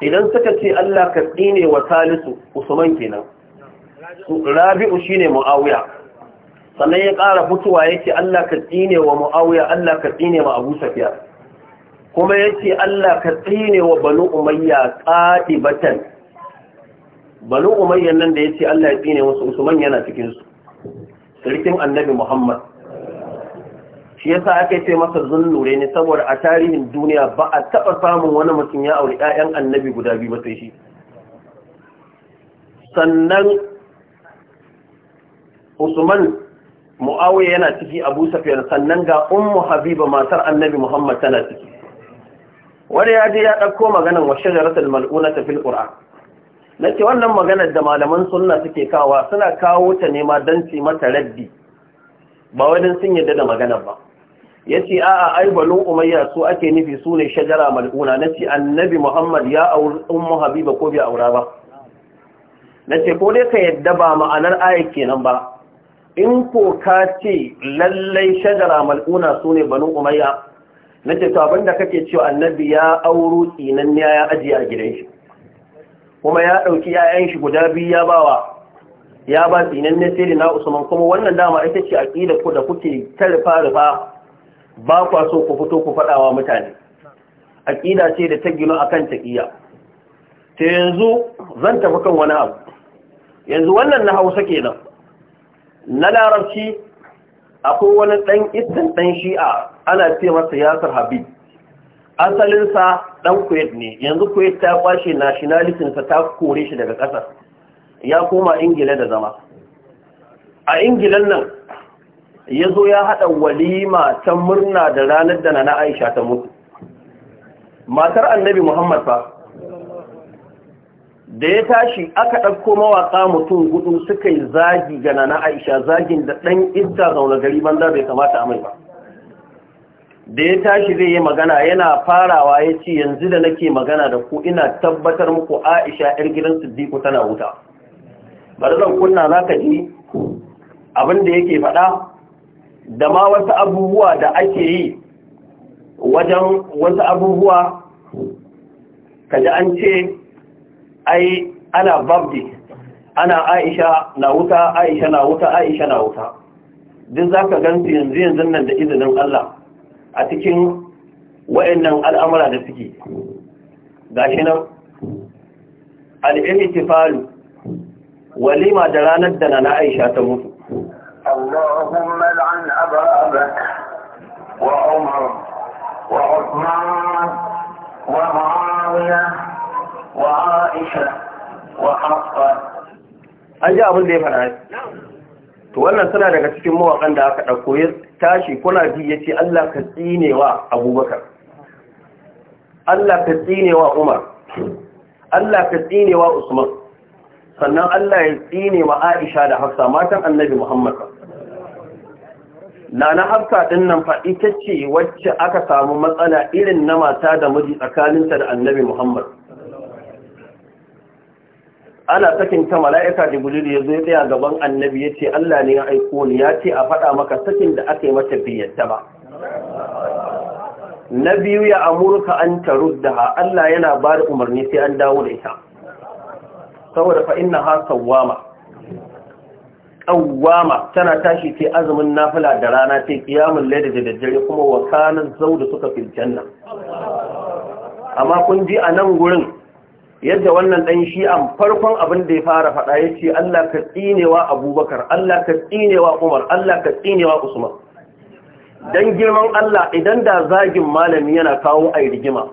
idan suka ce Allah ka tsine wa salisu usman kenan rabi'u shine muawiya sannan ya ƙara fitowa yake Allah ka tsine wa muawiya Allah ka tsine ma abu safiya kuma ce, Allah ka tsine wa banu umayya qadibatan banu umayya nan da ce Allah ya tsine musu usman yana cikin sarkin annabi Muhammad shi yasa aka ce masa zunnure ne saboda a tarihin duniya ba a taɓa samun wani mutum ya auri 'ya'yan annabi guda biyu ba sai shi sannan usman mu'awiya yana ciki abu safiyar sannan ga ummu habiba matar annabi muhammad tana ciki wani ya je ya ɗauko maganan wa shajaratul mal'una ta fil Na nace wannan maganar da malaman sunna suke kawa suna kawo ta nema don ci mata raddi ba wajen sun yadda da maganar ba Ya ce a'a ai balu umayya su ake nufi su ne shajara mal'una ce annabi muhammad ya auri ummu habiba ko bai aura ba nace ko dai ka yadda ba ma'anar ayat kenan ba in ko ka ce lallai shajara mal'una su ne banu umayya na ce to abinda kake cewa annabi ya auro tsinan ya ajiye a gidan shi kuma ya ɗauki 'ya'yan shi guda biyu ya bawa ya ba tsinan ne sai na usman kuma wannan dama ita ce aqida ku da kuke tarfa rufa ba kwa so ku fito ku faɗawa mutane aqida ce da ta gino akan taqiya ta yanzu zan tafi kan wani abu yanzu wannan na Hausa kenan na larabci akwai wani ɗan itin ɗan shi'a ana ce masa yasir habib asalinsa ɗan kuwait ne yanzu kuwait ta kwashe nationalitinsa ta kore shi daga ƙasar ya koma ingila da zama a ingilan nan ya zo ya haɗa walima ta murna da ranar da na aisha ta mutu matar annabi muhammad fa da ya tashi aka ɗauko mawaƙa mutum gudu suka yi zagi ga Nana aisha zagin da ɗan ita zaune gari banza bai kamata a mai ba da ya tashi zai yi magana yana farawa ya ce yanzu da nake magana da ku ina tabbatar muku aisha yar gidan siddiku tana wuta bari zan kunna za ka ji abin da yake faɗa da ma wasu abubuwa da ake yi wajen wasu abubuwa ka ji an ce ai ana babdi ana aisha na wuta aisha na wuta aisha na wuta duk za ka gansu yanzu yanzu nan da izinin Allah a cikin wa'annan al'amura da suke gashi nan al'ilmi tifalu walima da ranar da na aisha ta mutu ababa wa umar Wa usman wa ومعاوية وعائشة وحفصة an ji abin da ya faɗa to wannan suna daga cikin mawaƙan da aka ɗauko ya tashi kuna ji ya ce Allah ka tsine wa abubakar Allah ka tsine wa umar Allah ka tsine wa usman sannan Allah ya tsine wa aisha da hafsa matan annabi muhammad Nana hafsa ɗin nan fa ita ce wacce aka samu matsala irin na mata da miji tsakaninta da annabi muhammad ana sakin ta mala'ika jibril ya zo ya tsaya gaban annabi ya ce Allah ne ya aiko ni ya ce a faɗa maka sakin da aka yi mata biyatta ba na biyu ya amurka an ha Allah yana ba da umarni sai an dawo da ita saboda fa inna ha sawwama tana tashi ce azumin nafila da rana ce ƙiyamun layl da daddare kuma wa zau zauda suka fil janna amma kun ji a nan gurin yadda wannan ɗan shi'an farkon abin da ya fara faɗa ya ce Allah ka tsinewa abubakar Allah ka tsinewa umar Allah ka tsinewa usman don girman Allah idan da zagin malami yana kawo a rigima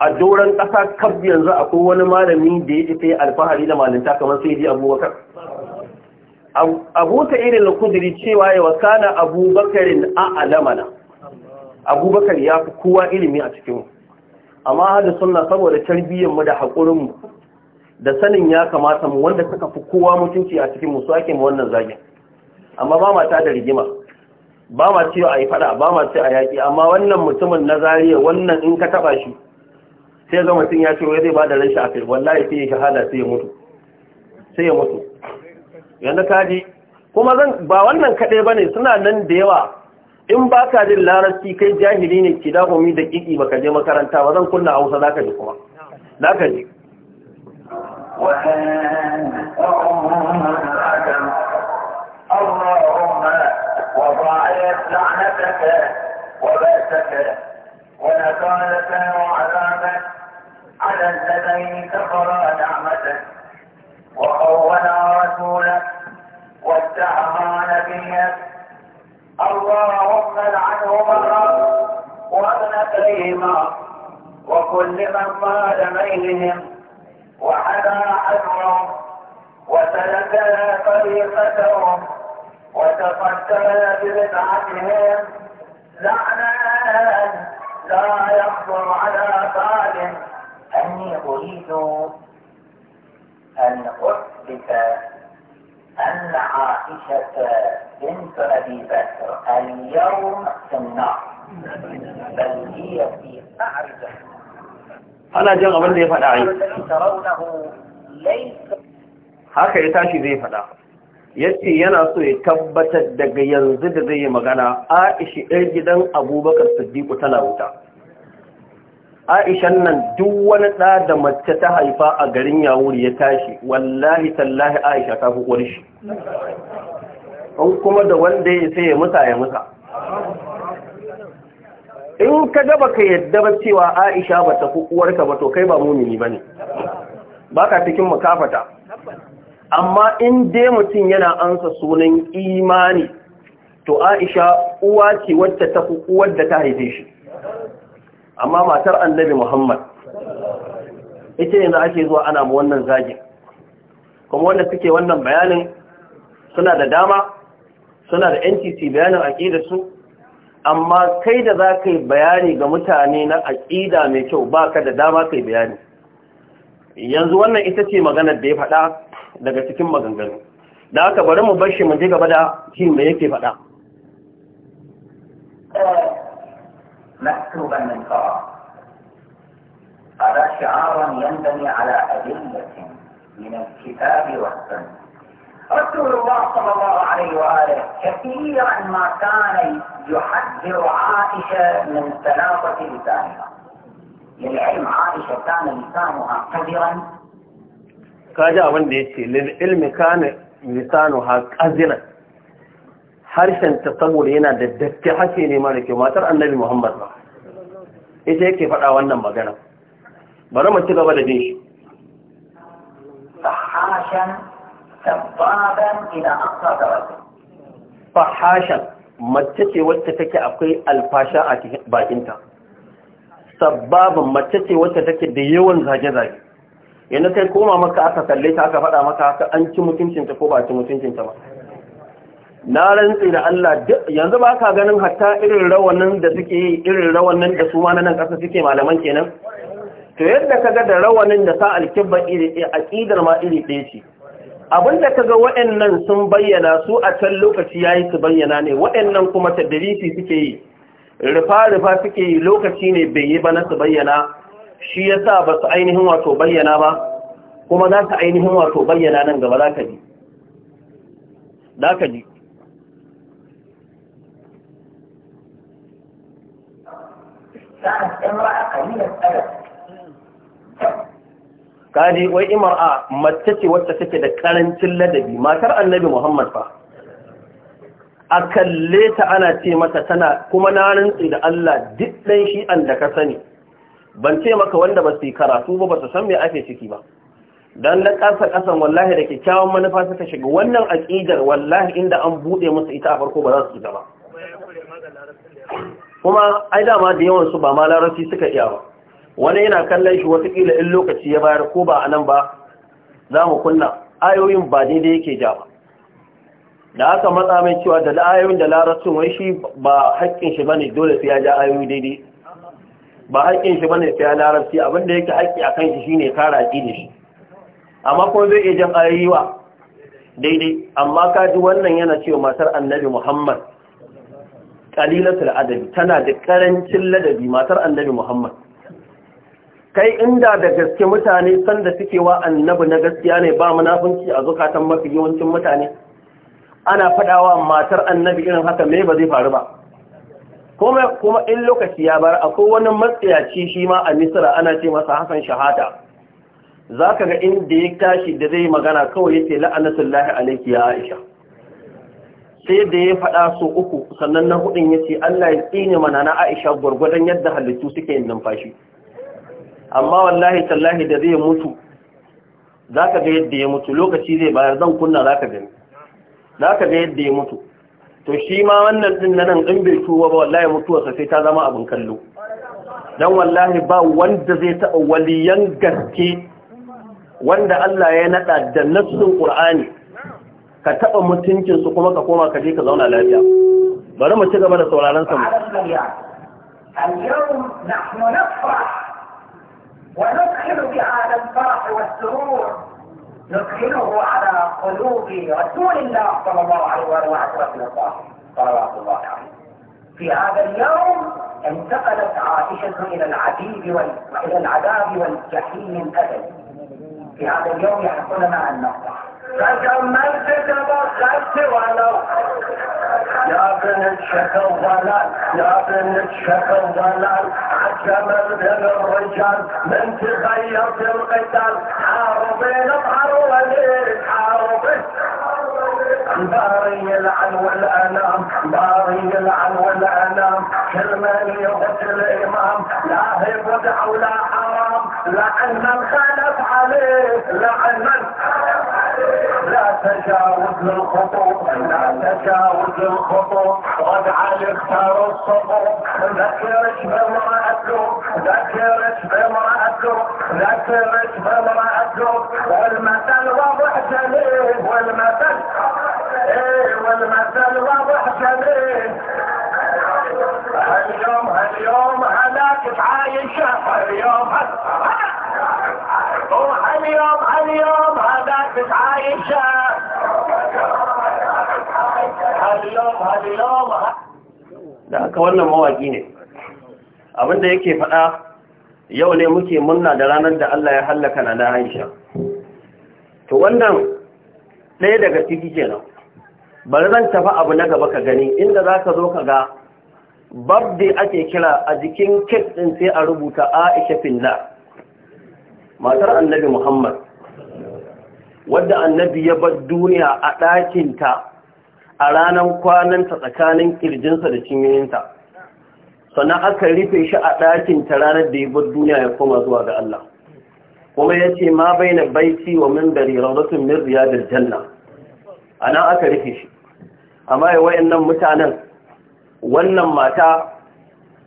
a doron ƙasa kaf yanzu akwai wani malami da ya yi alfahari da malinta kamar sai ji abubakar abu ta irin na kudiri cewa ya wakana abubakarin a alamana abubakar ya fi kowa ilimi a cikin amma hada sunna saboda tarbiyyar mu da haƙurinmu da sanin ya kamata mu wanda suka fi kowa mutunci a cikin musu ake mu wannan zagin amma ba ma ta da rigima ba ma ce a yi fada ba ma ce a yaƙi amma wannan mutumin na zariya wannan in ka taba shi sai zama mutum ya ce wai zai ba da ran a kai wallahi sai ya shahada sai ya mutu sai ya mutu yanda kaji kuma zan ba wannan kaɗai ba ne suna nan da yawa in ba ka jin larabci kai jahili ne ki dahumi da kiki baka je makaranta ba zan kunna hausa za ka ji kuma za ka ji وأول رسولك واتهما نبيك اللهم لعنهما وابنتيهما وكل من مال ميلهم وحدا عنهم وسلك طريقتهم وتفكر ببدعتهم لعنا لا يخطر على بال اني اريد ان اثبت أن عائشة بنت أبي بكر اليوم في النار بل هي في قعر أنا جاء قبل لي فدعي ترونه ليس haka ya tashi zai fada yace yana so ya tabbatar daga yanzu da zai magana Aisha ɗan gidan Abubakar Siddiq tana wuta aishan nan duk wani ɗa da mace ta haifa a garin yawuri ya tashi wallahi tallahi aisha ta fi ƙwar shi an kuma da wanda ya sai ya musa ya musa in ka gaba ka yadda ba cewa aisha ba ta fi uwarka ba to kai ba mumini ba ne ba ka cikin makafata amma in dai mutum yana ansa sunan imani to aisha uwa ce wacce ta fi uwar da ta haife shi amma matar annabi muhammad ita yanzu ake zuwa ana mu wannan zagin kuma wanda suke wannan bayanin suna da dama suna da NTC bayanin aƙida su amma kai da za ka yi bayani ga mutane na aƙida mai kyau ba ka da dama kai bayani yanzu wannan ita ce maganar da ya faɗa daga cikin maganganu da aka bari mu bashi mu ji gaba da shi mai yake faɗa eh, مكتوبا من فراغ هذا شعار ينبني على أدلة من الكتاب والسنة رسول الله صلى الله عليه وآله كثيرا ما كان يحذر عائشة من سلاطة لسانها للعلم عائشة كان لسانها قذرا كاجا وندي للعلم كان لسانها قذرا harshen ta saboda yana da datti hake ne mara kyau matar annabi muhammad ba ita yake faɗa wannan magana bari mu ci gaba da jin shi fahashan mace ce wacce take akwai alfasha a bakinta sababin mace ce wacce take da yawan zage-zage yana kai koma maka aka kalle ta aka faɗa maka aka an ci mutuncinta ko ba ci mutuncinta ba na rantse da Allah yanzu ba ka ganin hatta irin rawanin da suke yi irin rawanin da su ma nan ƙasa suke malaman kenan to yadda ka ga da rawanin da sa alkibba iri ɗaya eh, a ƙidar ma iri ɗaya ce abinda ka ga waɗannan sun bayyana su a can lokaci ya yi su bayyana ne waɗannan kuma tadrisi suke yi rufa-rufa suke yi lokaci ne bai yi ba na su bayyana shi ya sa ba su ainihin wato bayyana ba kuma za ka ainihin wato bayyana nan gaba za ka ji kadi wai imar'a mace ce wacce take da karancin ladabi matar annabi Muhammad fa a kalle ta ana ce mata tana kuma na rantsi da Allah duk ɗan shi an da ka sani ban ce maka wanda ba su karatu ba ba su san me ake ciki ba dan da kasa kasan wallahi da kyakkyawan manufa suka shiga wannan aƙidar, wallahi inda an buɗe musu ita a farko ba za su shiga ba kuma ai dama da yawan su ba ma larabci suka iya ba wani yana kallon shi watakila in lokaci ya bayar ko ba a nan ba za mu kunna ayoyin ba daidai yake ja ba da aka matsa mai cewa da ayoyin da larabcin wai shi ba haƙƙin shi bane dole sai ya ja ayoyi daidai ba haƙƙin shi bane sai ya larabci abinda yake haƙƙi akan shi shine kara da shi amma kuma zai iya jan ayoyi wa daidai amma kaji wannan yana cewa matar annabi Muhammad kalilatul adabi tana da karancin ladabi matar annabi Muhammad kai inda da gaske mutane sanda suke wa annabi na gaskiya ne ba munafunci a zukatan mafi yawancin mutane ana fadawa matar annabi irin haka me ba zai faru ba kuma kuma in lokaci ya bar akwai wani matsayaci shi ma a Misra ana ce masa hasan Shahada zaka ga inda ya tashi da zai magana kawai yace la'anatullahi alayki ya Aisha sai da ya faɗa so uku sannan na hudun ya ce Allah ya tsine mana na Aisha gwargwadon yadda halittu suke yin numfashi amma wallahi tallahi da zai mutu zaka ga yadda ya mutu lokaci zai bayar zan kunna zaka gani zaka ga yadda ya mutu to shi ma wannan din nan din bai tuwa ba wallahi mutuwa sai ta zama abin kallo dan wallahi ba wanda zai taɓa waliyan gaske wanda Allah ya naɗa da nassin Qur'ani ka mutuncin su kuma ka koma ka je ka zauna lafiya bari mu ci gaba da sauraron sa اليوم نحن نفرح وندخل بهذا الفرح والسرور ندخله على قلوب رسول الله صلى الله عليه واله وسلم صلوات الله عليه في هذا اليوم انتقلت عائشة إلى العذاب العذاب والجحيم الأبدي في هذا اليوم يحصلنا أن نفرح تجملت تبخلت ولو يا بنت شكل ضلال يا بنت شكل ضلال عجمل من الرجال من تغيرت القتال حاربين اظهر وليد حاربين داري يلعن والأنام داري يلعن والأنام كلمن يغت الإمام لا هي بدع ولا حرام لعن من خالف عليه لعن من لا تجاوز الخطوط لا تجاوز الخطوط وادعى اختار الصفوف ذكرت بامرأتك ذكرت بامرأتك ذكرت بامرأتك والمثل وضع جليل والمثل والمثل واضح هاليوم هاليوم هلاك هاليوم هاليوم هلاك هاليوم هاليوم da aka wannan mawaki ne abinda yake faɗa yau ne muke munna da ranar da Allah ya hallaka na na Aisha to wannan ɗaya daga ciki kenan bari zan tafi abu na gaba ka gani inda za ka zo ka ga babdi ake kira a jikin kek ɗin sai a rubuta aisha finna matar annabi muhammad wadda annabi ya bar duniya a ɗakinta a ranar kwananta tsakanin kirjinsa da cinyoyinta sannan aka rufe shi a ɗakinta ranar da ya bar duniya ya koma zuwa ga Allah kuma ya ce ma bai na baiti wa min dari rauratun min da janna a nan aka rufe shi amma ya wayannan mutanen wannan mata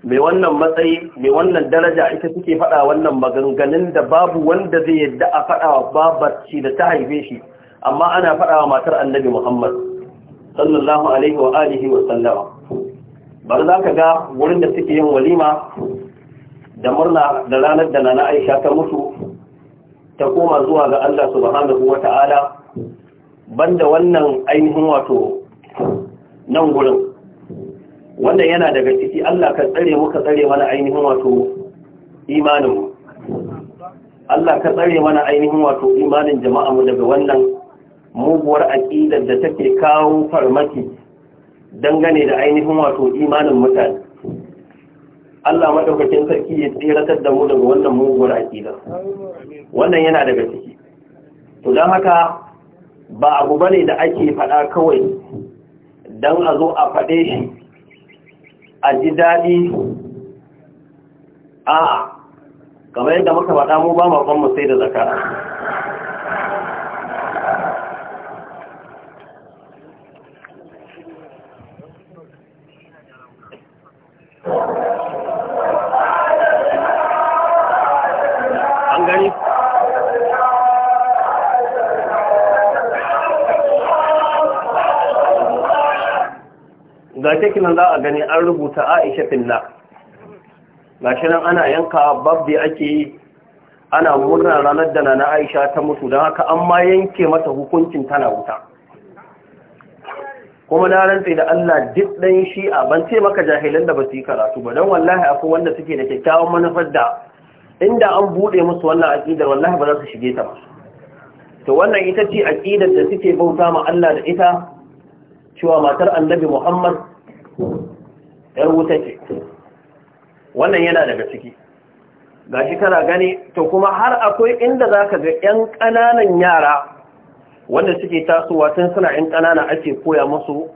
mai wannan matsayi mai wannan daraja ita suke faɗa wannan maganganun da babu wanda zai yadda a faɗa wa babar shi da ta haife shi amma ana faɗa wa matar annabi muhammad sallallahu alaihi wa alihi wa sallama bari za ka ga wurin da suke yin walima da murna da ranar da nana aisha ta mutu ta koma zuwa ga allah subhanahu wa ta'ala banda wannan ainihin wato nan gurin wannan yana daga ciki Allah ka tsare mu ka tsare mana ainihin wato imanin mu Allah ka tsare mana ainihin wato imanin jama'a mu daga wannan muguwar aqidar da take kawo farmaki dangane da ainihin wato imanin mutane Allah madaukakin sarki ya tsiratar da mu daga wannan muguwar aqida wannan yana daga ciki to dan haka ba abu bane da ake faɗa kawai don a zo a faɗe shi a ji daɗi a kamar yadda muka faɗa mu ba mafan mu sai da zaka Thank you. particular za a gani an rubuta aisha filla gashi nan ana yanka babbi ake yi ana murna ranar da nana aisha ta mutu don haka an ma yanke mata hukuncin tana wuta kuma na rantse da Allah duk ɗan shi'a ban ce maka jahilan da ba su yi karatu ba don wallahi akwai wanda suke da kyakkyawan manufar da inda an buɗe musu wannan aƙidar wallahi ba za su shige ta ba to wannan ita ce aƙidar da suke bauta ma Allah da ita cewa matar annabi Muhammad yar wuta ce wannan yana daga ciki Ga shi kana gani to kuma har akwai inda za ka ga yan ƙananan yara wanda suke tasowa tun suna yan ƙanana ake koya musu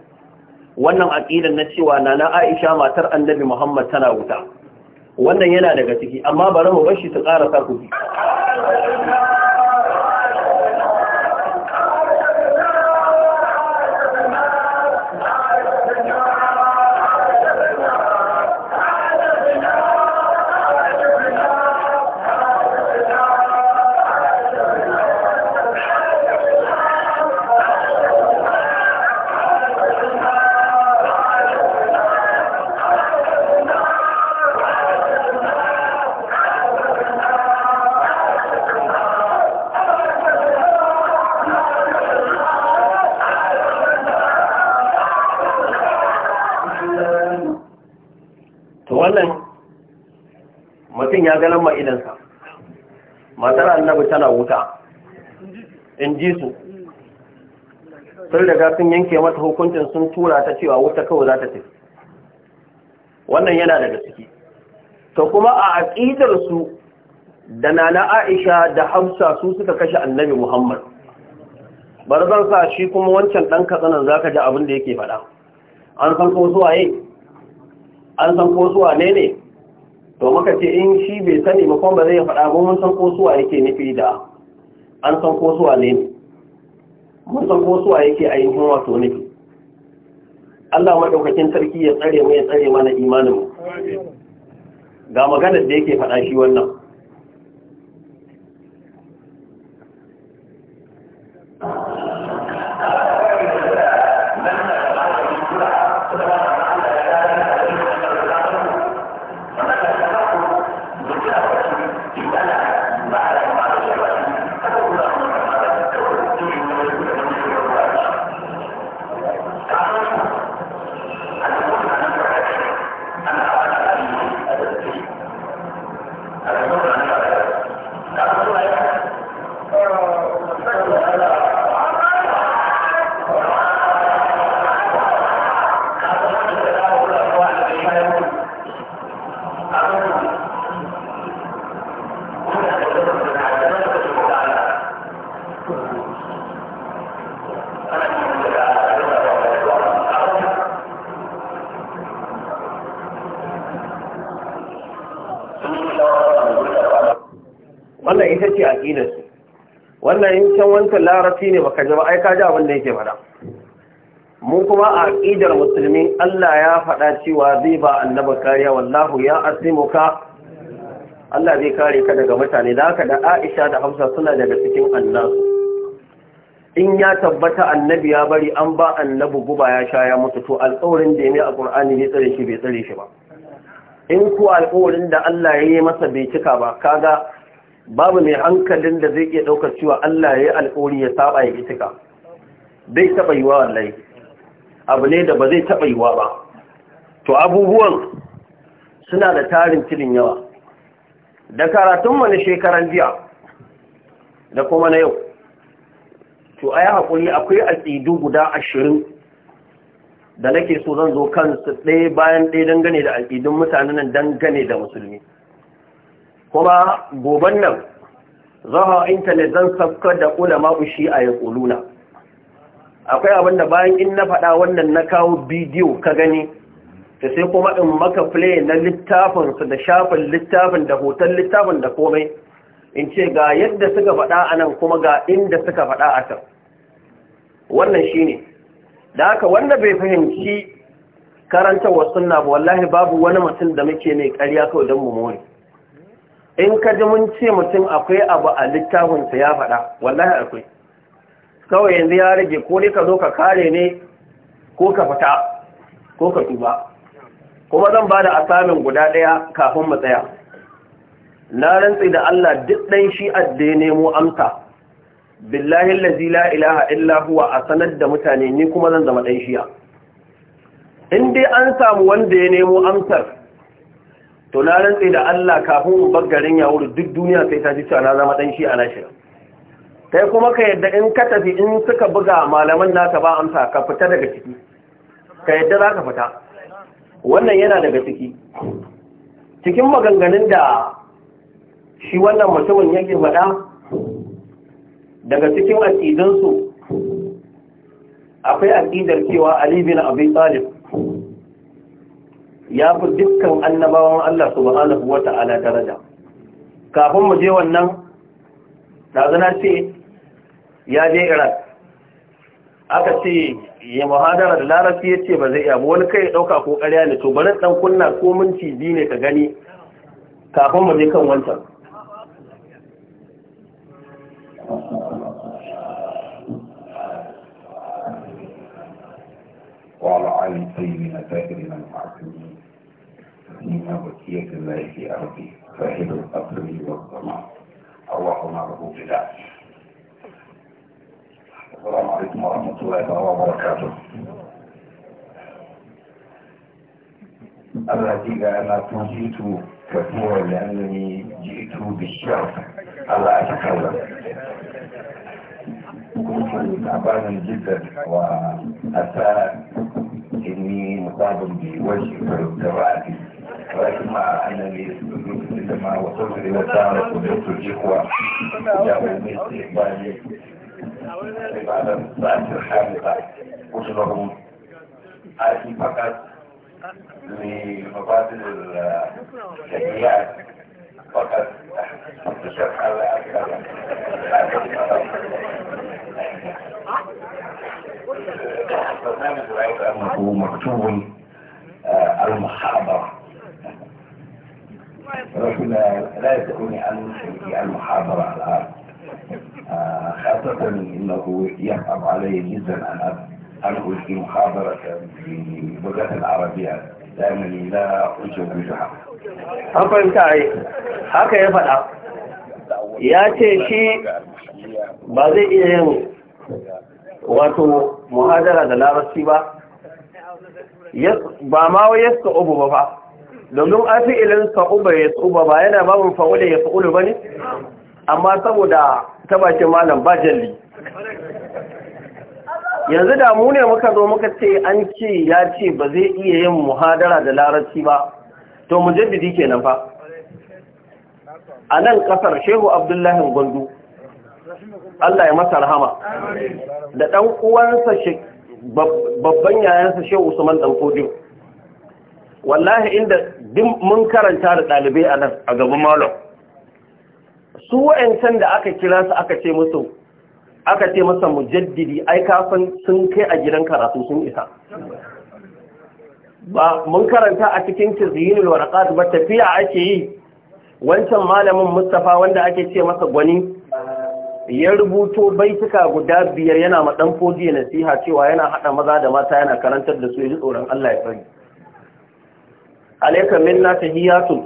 wannan aqidan na cewa na Aisha matar Annabi Muhammad tana wuta wannan yana daga ciki amma bari mu bar shi ta ƙara sa kuki na ganin ma matar annabi tana wuta in ji su sun daga sun yanke mata hukuncin sun tura ta cewa wuta kawai za ta tafi wannan yana daga ciki to kuma a aƙidarsu da nana Aisha da Hafsa su suka kashe Annabi Muhammad bar zan sa shi kuma wancan ɗan katsanan zaka ji abin da yake faɗa an san ko an san ko zuwa ne ne to muka ce in shi bai sani ba kuma ba zai faɗa ba mun san ko suwa yake nufi da an san ko suwa ne mun san ko suwa yake ainihin wato nufi Allah daukakin sarki ya tsare mu ya tsare mana imanin mu ga magana da yake faɗa shi wannan baka larafi ne baka ji ai ka ji abin da yake faɗa mu kuma a aqidar musulmi Allah ya faɗa cewa zai ba annaba kariya wallahu ya asimuka Allah zai kare ka daga mutane da haka da Aisha da Hafsa suna daga cikin annasu in ya tabbata annabi ya bari an ba annabi guba ya sha ya mutu to alƙawarin da ya ne a Qur'ani ne tsare shi bai tsare shi ba in ku alƙawarin da Allah ya yi masa bai cika ba kaga babu mai hankalin da zai iya ɗaukar cewa Allah ya yi alƙori ya saba ya itika bai taɓa yi wa wallahi abu ne da ba zai taɓa yi wa ba to abubuwan suna da tarin tilin yawa da karatunmu na shekaran jiya da kuma na yau to a yi haƙuri akwai aƙidu guda ashirin da nake so zan zo kansu ɗaya bayan ɗaya dangane da aƙidun mutanen dangane da musulmi kuma goban nan a intanet zan safkar da ulama shi a ya kuluna akwai abinda bayan in na faɗa wannan na kawo bidiyo ka gani ta sai kuma in maka play na littafinsu da shafin littafin da hoton littafin da komai in ce ga yadda suka faɗa a nan kuma ga inda suka faɗa a kan wannan shi ne da haka wanda bai fahimci karanta wasu na wallahi babu wani mutum da muke mai ƙarya kawai don mu more in ka ji mun ce mutum akwai abu a littafinsa ya faɗa wallahi akwai kawai yanzu ya rage ko ne ka zo ka kare ne ko ka fita ko ka tuba kuma zan ba da asamin guda ɗaya kafin mu tsaya na rantsi da Allah duk ɗan shi da ya nemo amsa billahi allazi la ilaha illa huwa a sanar da mutane ni kuma zan zama ɗan shiya in dai an samu wanda ya nemo amsar to na rantse da Allah kafin in bar garin ya wuri duk duniya sai ta ji cewa na zama dan shi a nashi kai kuma ka yadda in ka tafi in suka buga malaman naka ba amsa ka fita daga ciki ka yadda za ka fita wannan yana daga ciki cikin maganganun da shi wannan mutumin yake faɗa daga cikin aƙidansu akwai aƙidar cewa Ali bin Abi Talib ya fi dukkan annabawan Allah su subhanahu wa ta'ala daraja kafin mu je wannan dazana ce ya je Iraq aka ce ya muhadarar da ya ce ba zai yabu wani kai ɗauka ko ƙarya ne to bari ɗan kunna ko minti biyu ne ka gani kafin mu je kan wancan وعلى آل سيدنا من المعصومين من بقية الله في أرضي فهد القبر والظمأ اللهم له بلا السلام عليكم ورحمة الله وبركاته الذي أنا توجيت كثيرا لأنني جئت بالشرف ألا أتكلم كنت تعبانا جدا وأساء إني مصاب بوجه فلوتراتي ولكن مع أنني عندما وصلت إلى الدعوة وجدت الإخوة جابوا من استقبالي بعد الساعة الخامسة أجرهم آتي فقط لمبادئ الشيئات فقط تشرح على أكثر برنامج رأيت أنه مكتوب آه، المحاضرة ربنا لا يسألني عن المحاضرة على الأرض آه، خاصة أنه يصعب علي جدا أن أنقل في محاضرة في اللغة العربية لأنني لا أجوزها an fahimta a yi يفعل يا تشي ya ce shi محاضرة zai iya yin ba ma wai yasta ba ba domin a fi'ilin sa'uba ya tsuba ba yana babin fa'ula ya fa'ulu ba ne amma saboda ta bakin malam ba jalli yanzu da mu ne muka zo muka ce an ce ya ce ba zai iya yin muhadara da larabci ba to mu jaddidi kenan fa a nan kasar shehu abdullahi gwandu Allah ya masa rahama da ɗan uwansa babban yayansa shehu usman ɗan wallahi inda mun karanta da ɗalibai a nan a gaban malam su wa'ancan da aka kira su aka ce musu aka ce masa mujaddidi ai kafin sun kai a gidan karatu sun isa ba mun karanta a cikin tazhirul warqat ba tafiya ake yi wancan malamin Mustafa wanda ake ce masa gwani ya rubuto baituka guda biyar yana ma dan nasiha cewa yana hada maza da mata yana karantar da su yi tsoron Allah ya sani alaika minna tahiyatun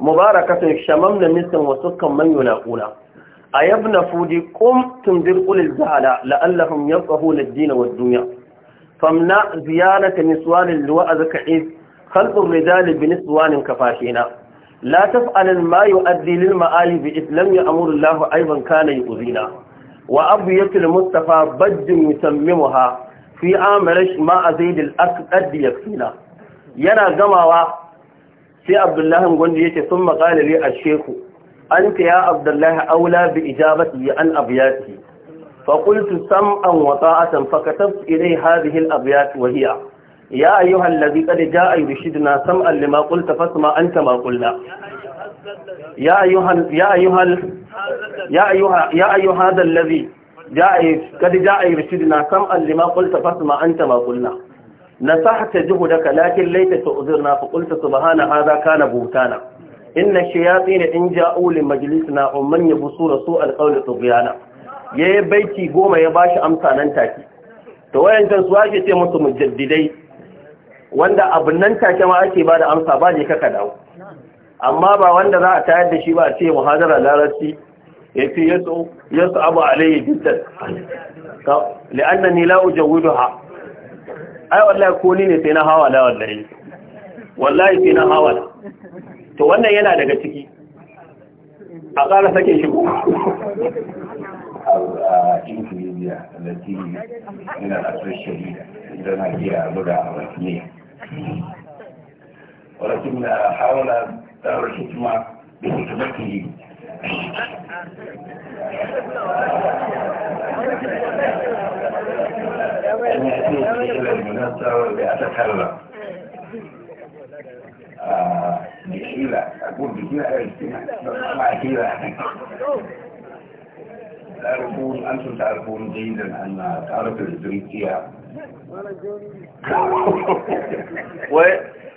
mubarakatun shamamna mislan wa sukkan man yunaquna ayabna fudi qum tumdir qulil zala la'allahum yafqahuna ad-din wa ad-dunya famna ziyanata niswan al-wa'z ka'id khalqu ridal bi niswan kafashina la taf'al ma yu'addi lil ma'ali bi islam ya'muru Allahu aydan kana yu'zina wa abiyatul mustafa badd yusammimuha fi amalish ma azid al-aqd yakfina yana gamawa sai abdullahi gwanda ya ce sun makalari a sheku an ta ya abdullahi aula bi ijabati an abiyati faƙultu sam'an wa ta'atan fakatab ilai hadihil abiyat wa hiya ya ayyuhal ladhi qad jaa yurshiduna sam'an lima qulta fasma anta ma qulna ya ayyuhal ya ayyuhal ya ayyuha ya ayyuha hadha alladhi jaa qad jaa yurshiduna sam'an lima qulta fasma an ta qulna ta juhudaka lakin laita tu'zirna fa qulta subhana hadha kana buhtana inna shayatin in na ja'u li majlisina su yabsura su qawli Ya yayi baiki goma ya bashi amsa nan take to wayancan su ake ce musu mujaddidai wanda abun nan take ma ake bada amsa ba ne kaka dawo amma ba wanda za a tayar da shi ba a ce muhazara larabci ya ce yasu abu alayhi jiddan la'annani la ha. ai wallahi ko ni ne sai na hawa da wallahi wallahi sai na hawa to wannan yana daga ciki a ƙara sake shi Indonesia ولكن حاول دار الحكمة بحكمته نأتيك إلى المناسبة لأتكلم بحيلة أقول بحيلة الاجتماع مع حيلة تعرفون أنتم تعرفون جيدا أن تعرف الزريكية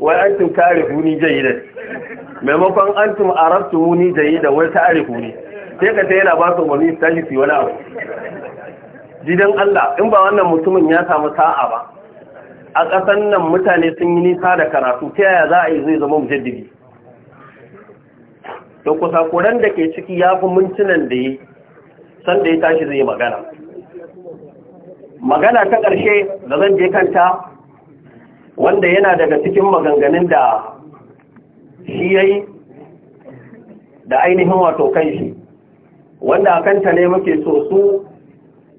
وأنتم تعرفوني جيدا maimakon antum arabtumuni jayyida wai ta'rifuni sai ka ta yana ba su umarni tashi wani abu gidan Allah in ba wannan mutumin ya samu sa'a ba a ƙasan nan mutane sun yi nisa da karatu ta yaya za a yi zai zama mujaddidi da kusakuran da ke ciki ya fi mintunan da yi sanda ya tashi zai magana magana ta ƙarshe da zan je kanta wanda yana daga cikin maganganun da shi ya yi da ainihin wato kan shi wanda a kanta ne muke so su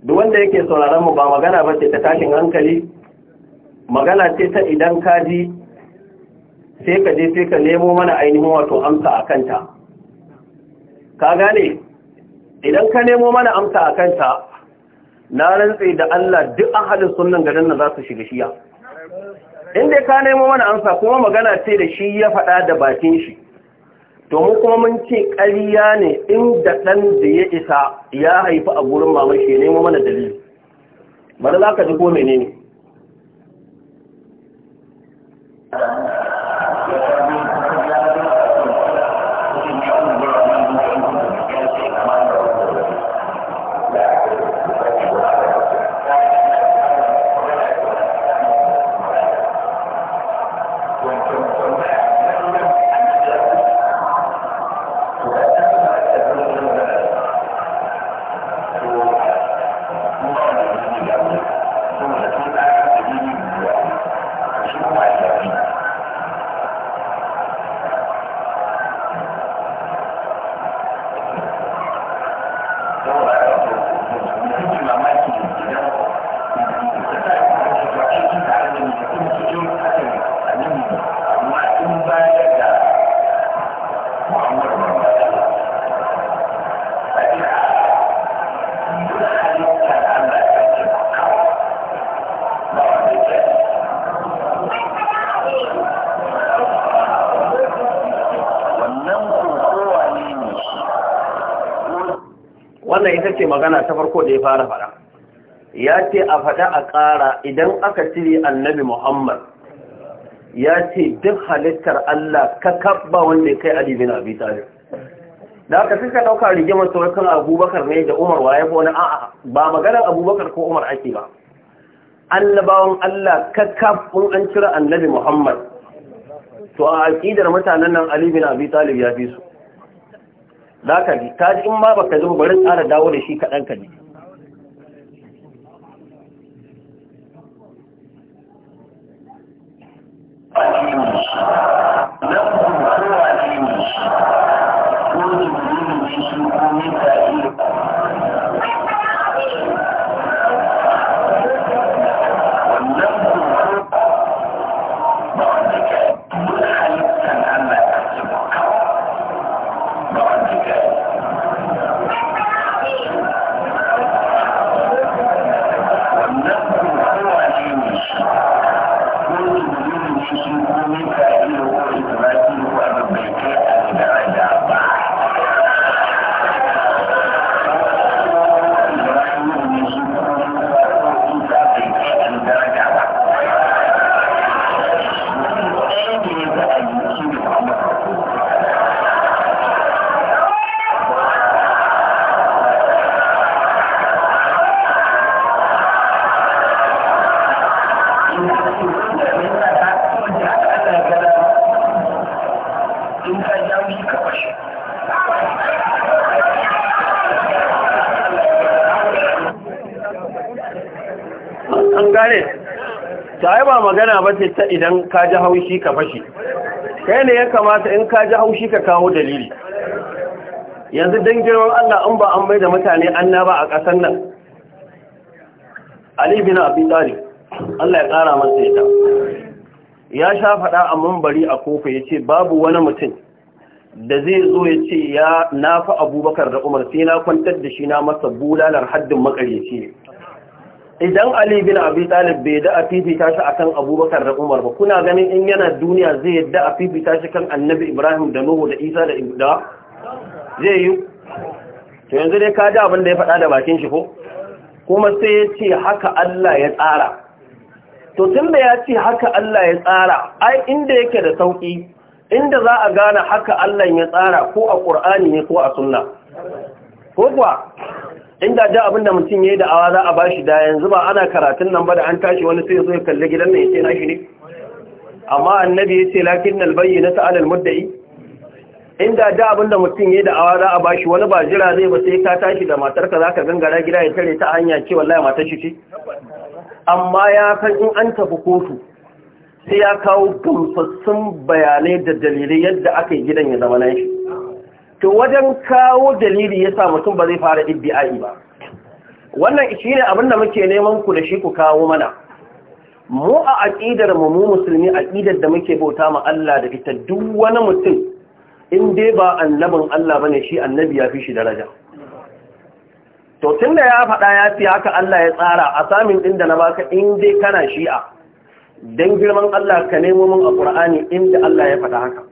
duk wanda yake sauraron mu ba magana ba ce ta tashin hankali magana ce ta idan ka ji sai ka je sai ka nemo mana ainihin wato amsa a kanta ka gane idan ka nemo mana amsa a kanta na rantse da Allah duk ahalin sunan garin nan za su shiga shiya inda ka nemo mana amsa kuma magana ce da shi ya faɗa da bakin shi To mu kuma mun ce ƙarya ne inda ɗan da ya isa ya haifi a gurin mamashi nemo mana dalili bari za ka ji ko menene magana ta farko da ya fara faɗa ya ce a faɗa a ƙara idan aka cire annabi muhammad ya ce duk halittar allah ka kabba wanda ya kai ali bin abi talib da aka fi ka ɗauka rigimar sauran abubakar ne da umar waye ko wani a'a ba maganar abubakar ko umar ake ba annabawan allah ka in an cire annabi muhammad to a aƙidar mutanen nan ali bin abi talib ya fi su za ka ji ta ji in ma baka ji bari tsara dawo da shi kaɗan ka ji Thank you. mace ta idan ka ji haushi ka fashe kai ne ya kamata in ka ji haushi ka kawo dalili yanzu don girman Allah an ba an bai da mutane ba a ƙasar nan Ali bin Abi Talib Allah ya ƙara masa yadda ya sha faɗa a mambari a kofa ya ce babu wani mutum da zai zo ya ce ya nafa abubakar da umar sai na kwantar da shi na masa bulalar haddin makaryaci ne idan Ali bin Abi Talib bai da a fifita shi akan Abubakar da Umar ba kuna ganin in yana duniya zai da a fifita shi kan Annabi Ibrahim da Nuhu da Isa da Ibda zai yi to yanzu dai ka ji abin da ya faɗa da bakin shi ko kuma sai ya ce haka Allah ya tsara to da ya ce haka Allah ya tsara ai inda yake da sauki inda za a gane haka Allah ya tsara ko a Qur'ani ne ko a Sunna ko kuwa inda da abin da mutum ya yi da'awa za a ba shi da yanzu ba ana karatun nan ba da an tashi wani sai zo ya kalli gidan nan ya ce nashi ne amma annabi ya ce lakin nalbayi na ta'alal mudda'i inda da abin da mutum ya yi da'awa za a ba shi wani ba jira zai ba sai ka tashi da matarka za ka gangara gida ya tare ta hanya ce wallahi matar shi ce amma ya san in an tafi kotu sai ya kawo gamsassun bayanai da dalilai yadda aka yi gidan ya zama nashi to wajen kawo dalili yasa mutum ba zai fara iddi'ai ba wannan shi ne da muke neman ku da shi ku kawo mana mu a aƙidar mu mu musulmi aƙidar da muke bauta ma Allah da ita duk wani mutum in dai ba annabin Allah bane shi annabi ya fi shi daraja to tunda ya faɗa ya fi haka Allah ya tsara a samin din da na baka in dai kana shi'a dan girman Allah ka nemo min a Qur'ani inda Allah ya faɗa haka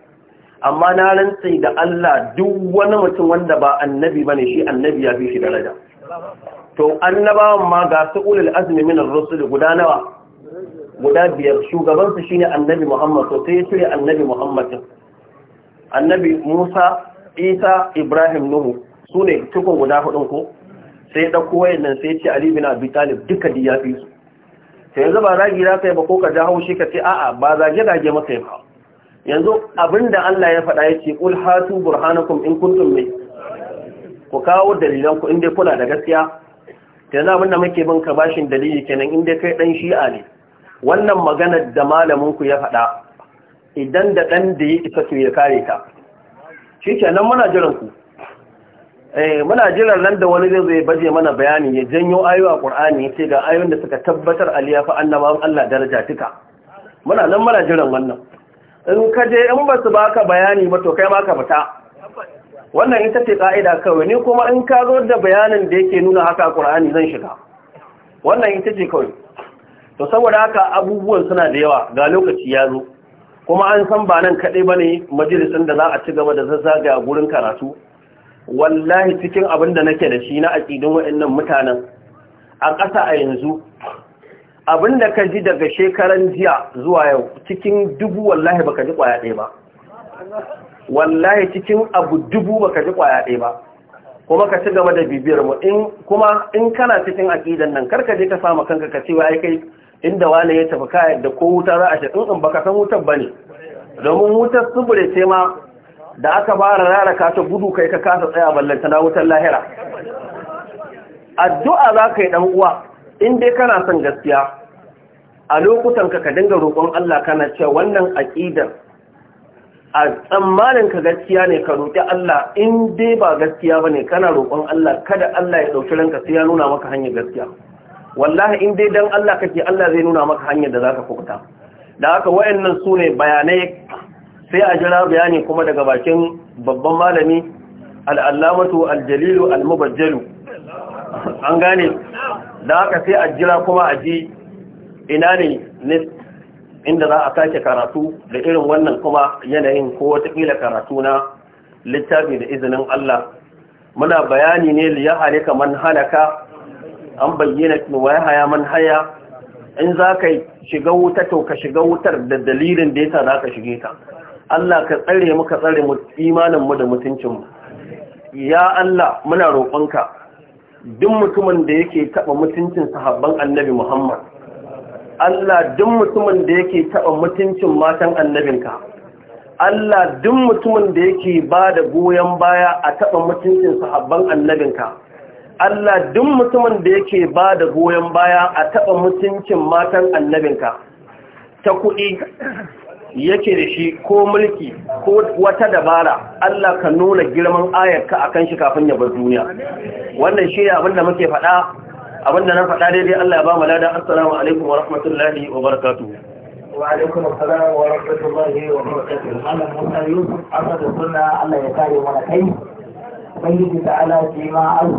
amma na rantse da Allah duk wani mutum wanda ba annabi bane shi annabi ya fi shi daraja to annabawan ma ga su ulul azmi min ar-rusul guda nawa guda biyar shugaban su shine annabi Muhammad to sai ya cire annabi Muhammad annabi Musa Isa Ibrahim Nuhu sune cikin guda hudun ko sai da kowa nan sai ce Ali bin Abi Talib duka diyafi su sai yanzu ba zagi za ka yi ba ko ka ja haushi ka ce a'a ba zage zage maka yi ba yanzu abinda Allah ya faɗa ya ce ƙul hatu burhanakum in kuntum mai ku kawo dalilan ku inda kuna da gaskiya yanzu da muke bin ka bashin dalili kenan inda kai ɗan shi'a ne wannan maganar da malaminku ya faɗa idan da ɗan da ya isa to ya kare ta shi kenan muna jiran ku eh muna jiran nan da wani zai zai baje mana bayani ya janyo ayuwa a Qur'ani sai ga ayoyin da suka tabbatar aliyafa annabawan Allah daraja tuka muna nan muna jiran wannan in ka je in ba su baka bayani ba to kai ma fita wannan ita ce ka'ida kawai ni kuma in ka zo da bayanin da yake nuna haka Qur'ani zan shiga wannan ita ce kawai to saboda haka abubuwan suna da yawa ga lokaci ya zo kuma an san ba nan kaɗai ba ne majalisun da za a ci gaba da zazzaga a gurin karatu wallahi cikin abin da nake da shi na aƙidin waɗannan mutanen a ƙasa a yanzu Abin da ka ji daga shekaran jiya zuwa yau cikin dubu wallahi baka ji kwaya ɗaya ba wallahi cikin abu dubu baka ji kwaya ɗaya ba kuma ka ci gaba da bibiyar mu kuma in kana cikin aqidan nan karka je ka samu kanka ka ce wai kai inda wani ya tafi kai da ko wuta za a shi in in baka san wutar bane domin wutar subure ce ma da aka fara raraka ta gudu kai ka kasa tsaya ballanta na wutar lahira addu'a za ka yi dan uwa in dai kana son gaskiya a lokutan ka ka dinga roƙon Allah kana cewa wannan aqidar a tsammanin ka gaskiya ne ka roƙi Allah in dai ba gaskiya bane kana roƙon Allah kada Allah ya dauki ranka sai ya nuna maka hanyar gaskiya wallahi in dai dan Allah kake Allah zai nuna maka hanyar da zaka kubuta da haka wayannan sune bayanai sai a jira bayani kuma daga bakin babban malami al-allamatu al-jalilu al-mubajjalu an gane da haka sai a jira kuma a ji ina ne inda za a sake karatu da irin wannan kuma yanayin ko watakila karatu na littafi da izinin Allah muna bayani ne liya halika man halaka an bayyana wa ya haya man in za ka shiga wuta to ka shiga wutar da dalilin da yasa za ka shige ta Allah ka tsare mu ka tsare mu imanin mu da mutuncin mu ya Allah muna roƙonka duk mutumin da yake taɓa mutuncin sahabban annabi Muhammad, Allah duk mutumin da yake taba mutuncin matan annabinka, Allah duk mutumin da yake ba da goyon baya a taɓa mutuncin sahabban annabinka, Allah duk mutumin da yake ba da goyon baya a taɓa mutuncin matan annabinka, ta kuɗi, yake da shi ko mulki ko wata dabara Allah ka nuna girman ayarka akan shi kafin ya bar duniya wannan shi ne abinda muke faɗa abinda na faɗa daidai Allah ya ba mu lada assalamu alaikum wa rahmatullahi wa barakatuhu wa alaikum assalam wa rahmatullahi wa barakatuhu malam Musa Yusuf Ahmad sunna Allah ya kare mana kai ubangiji ta ala ce ma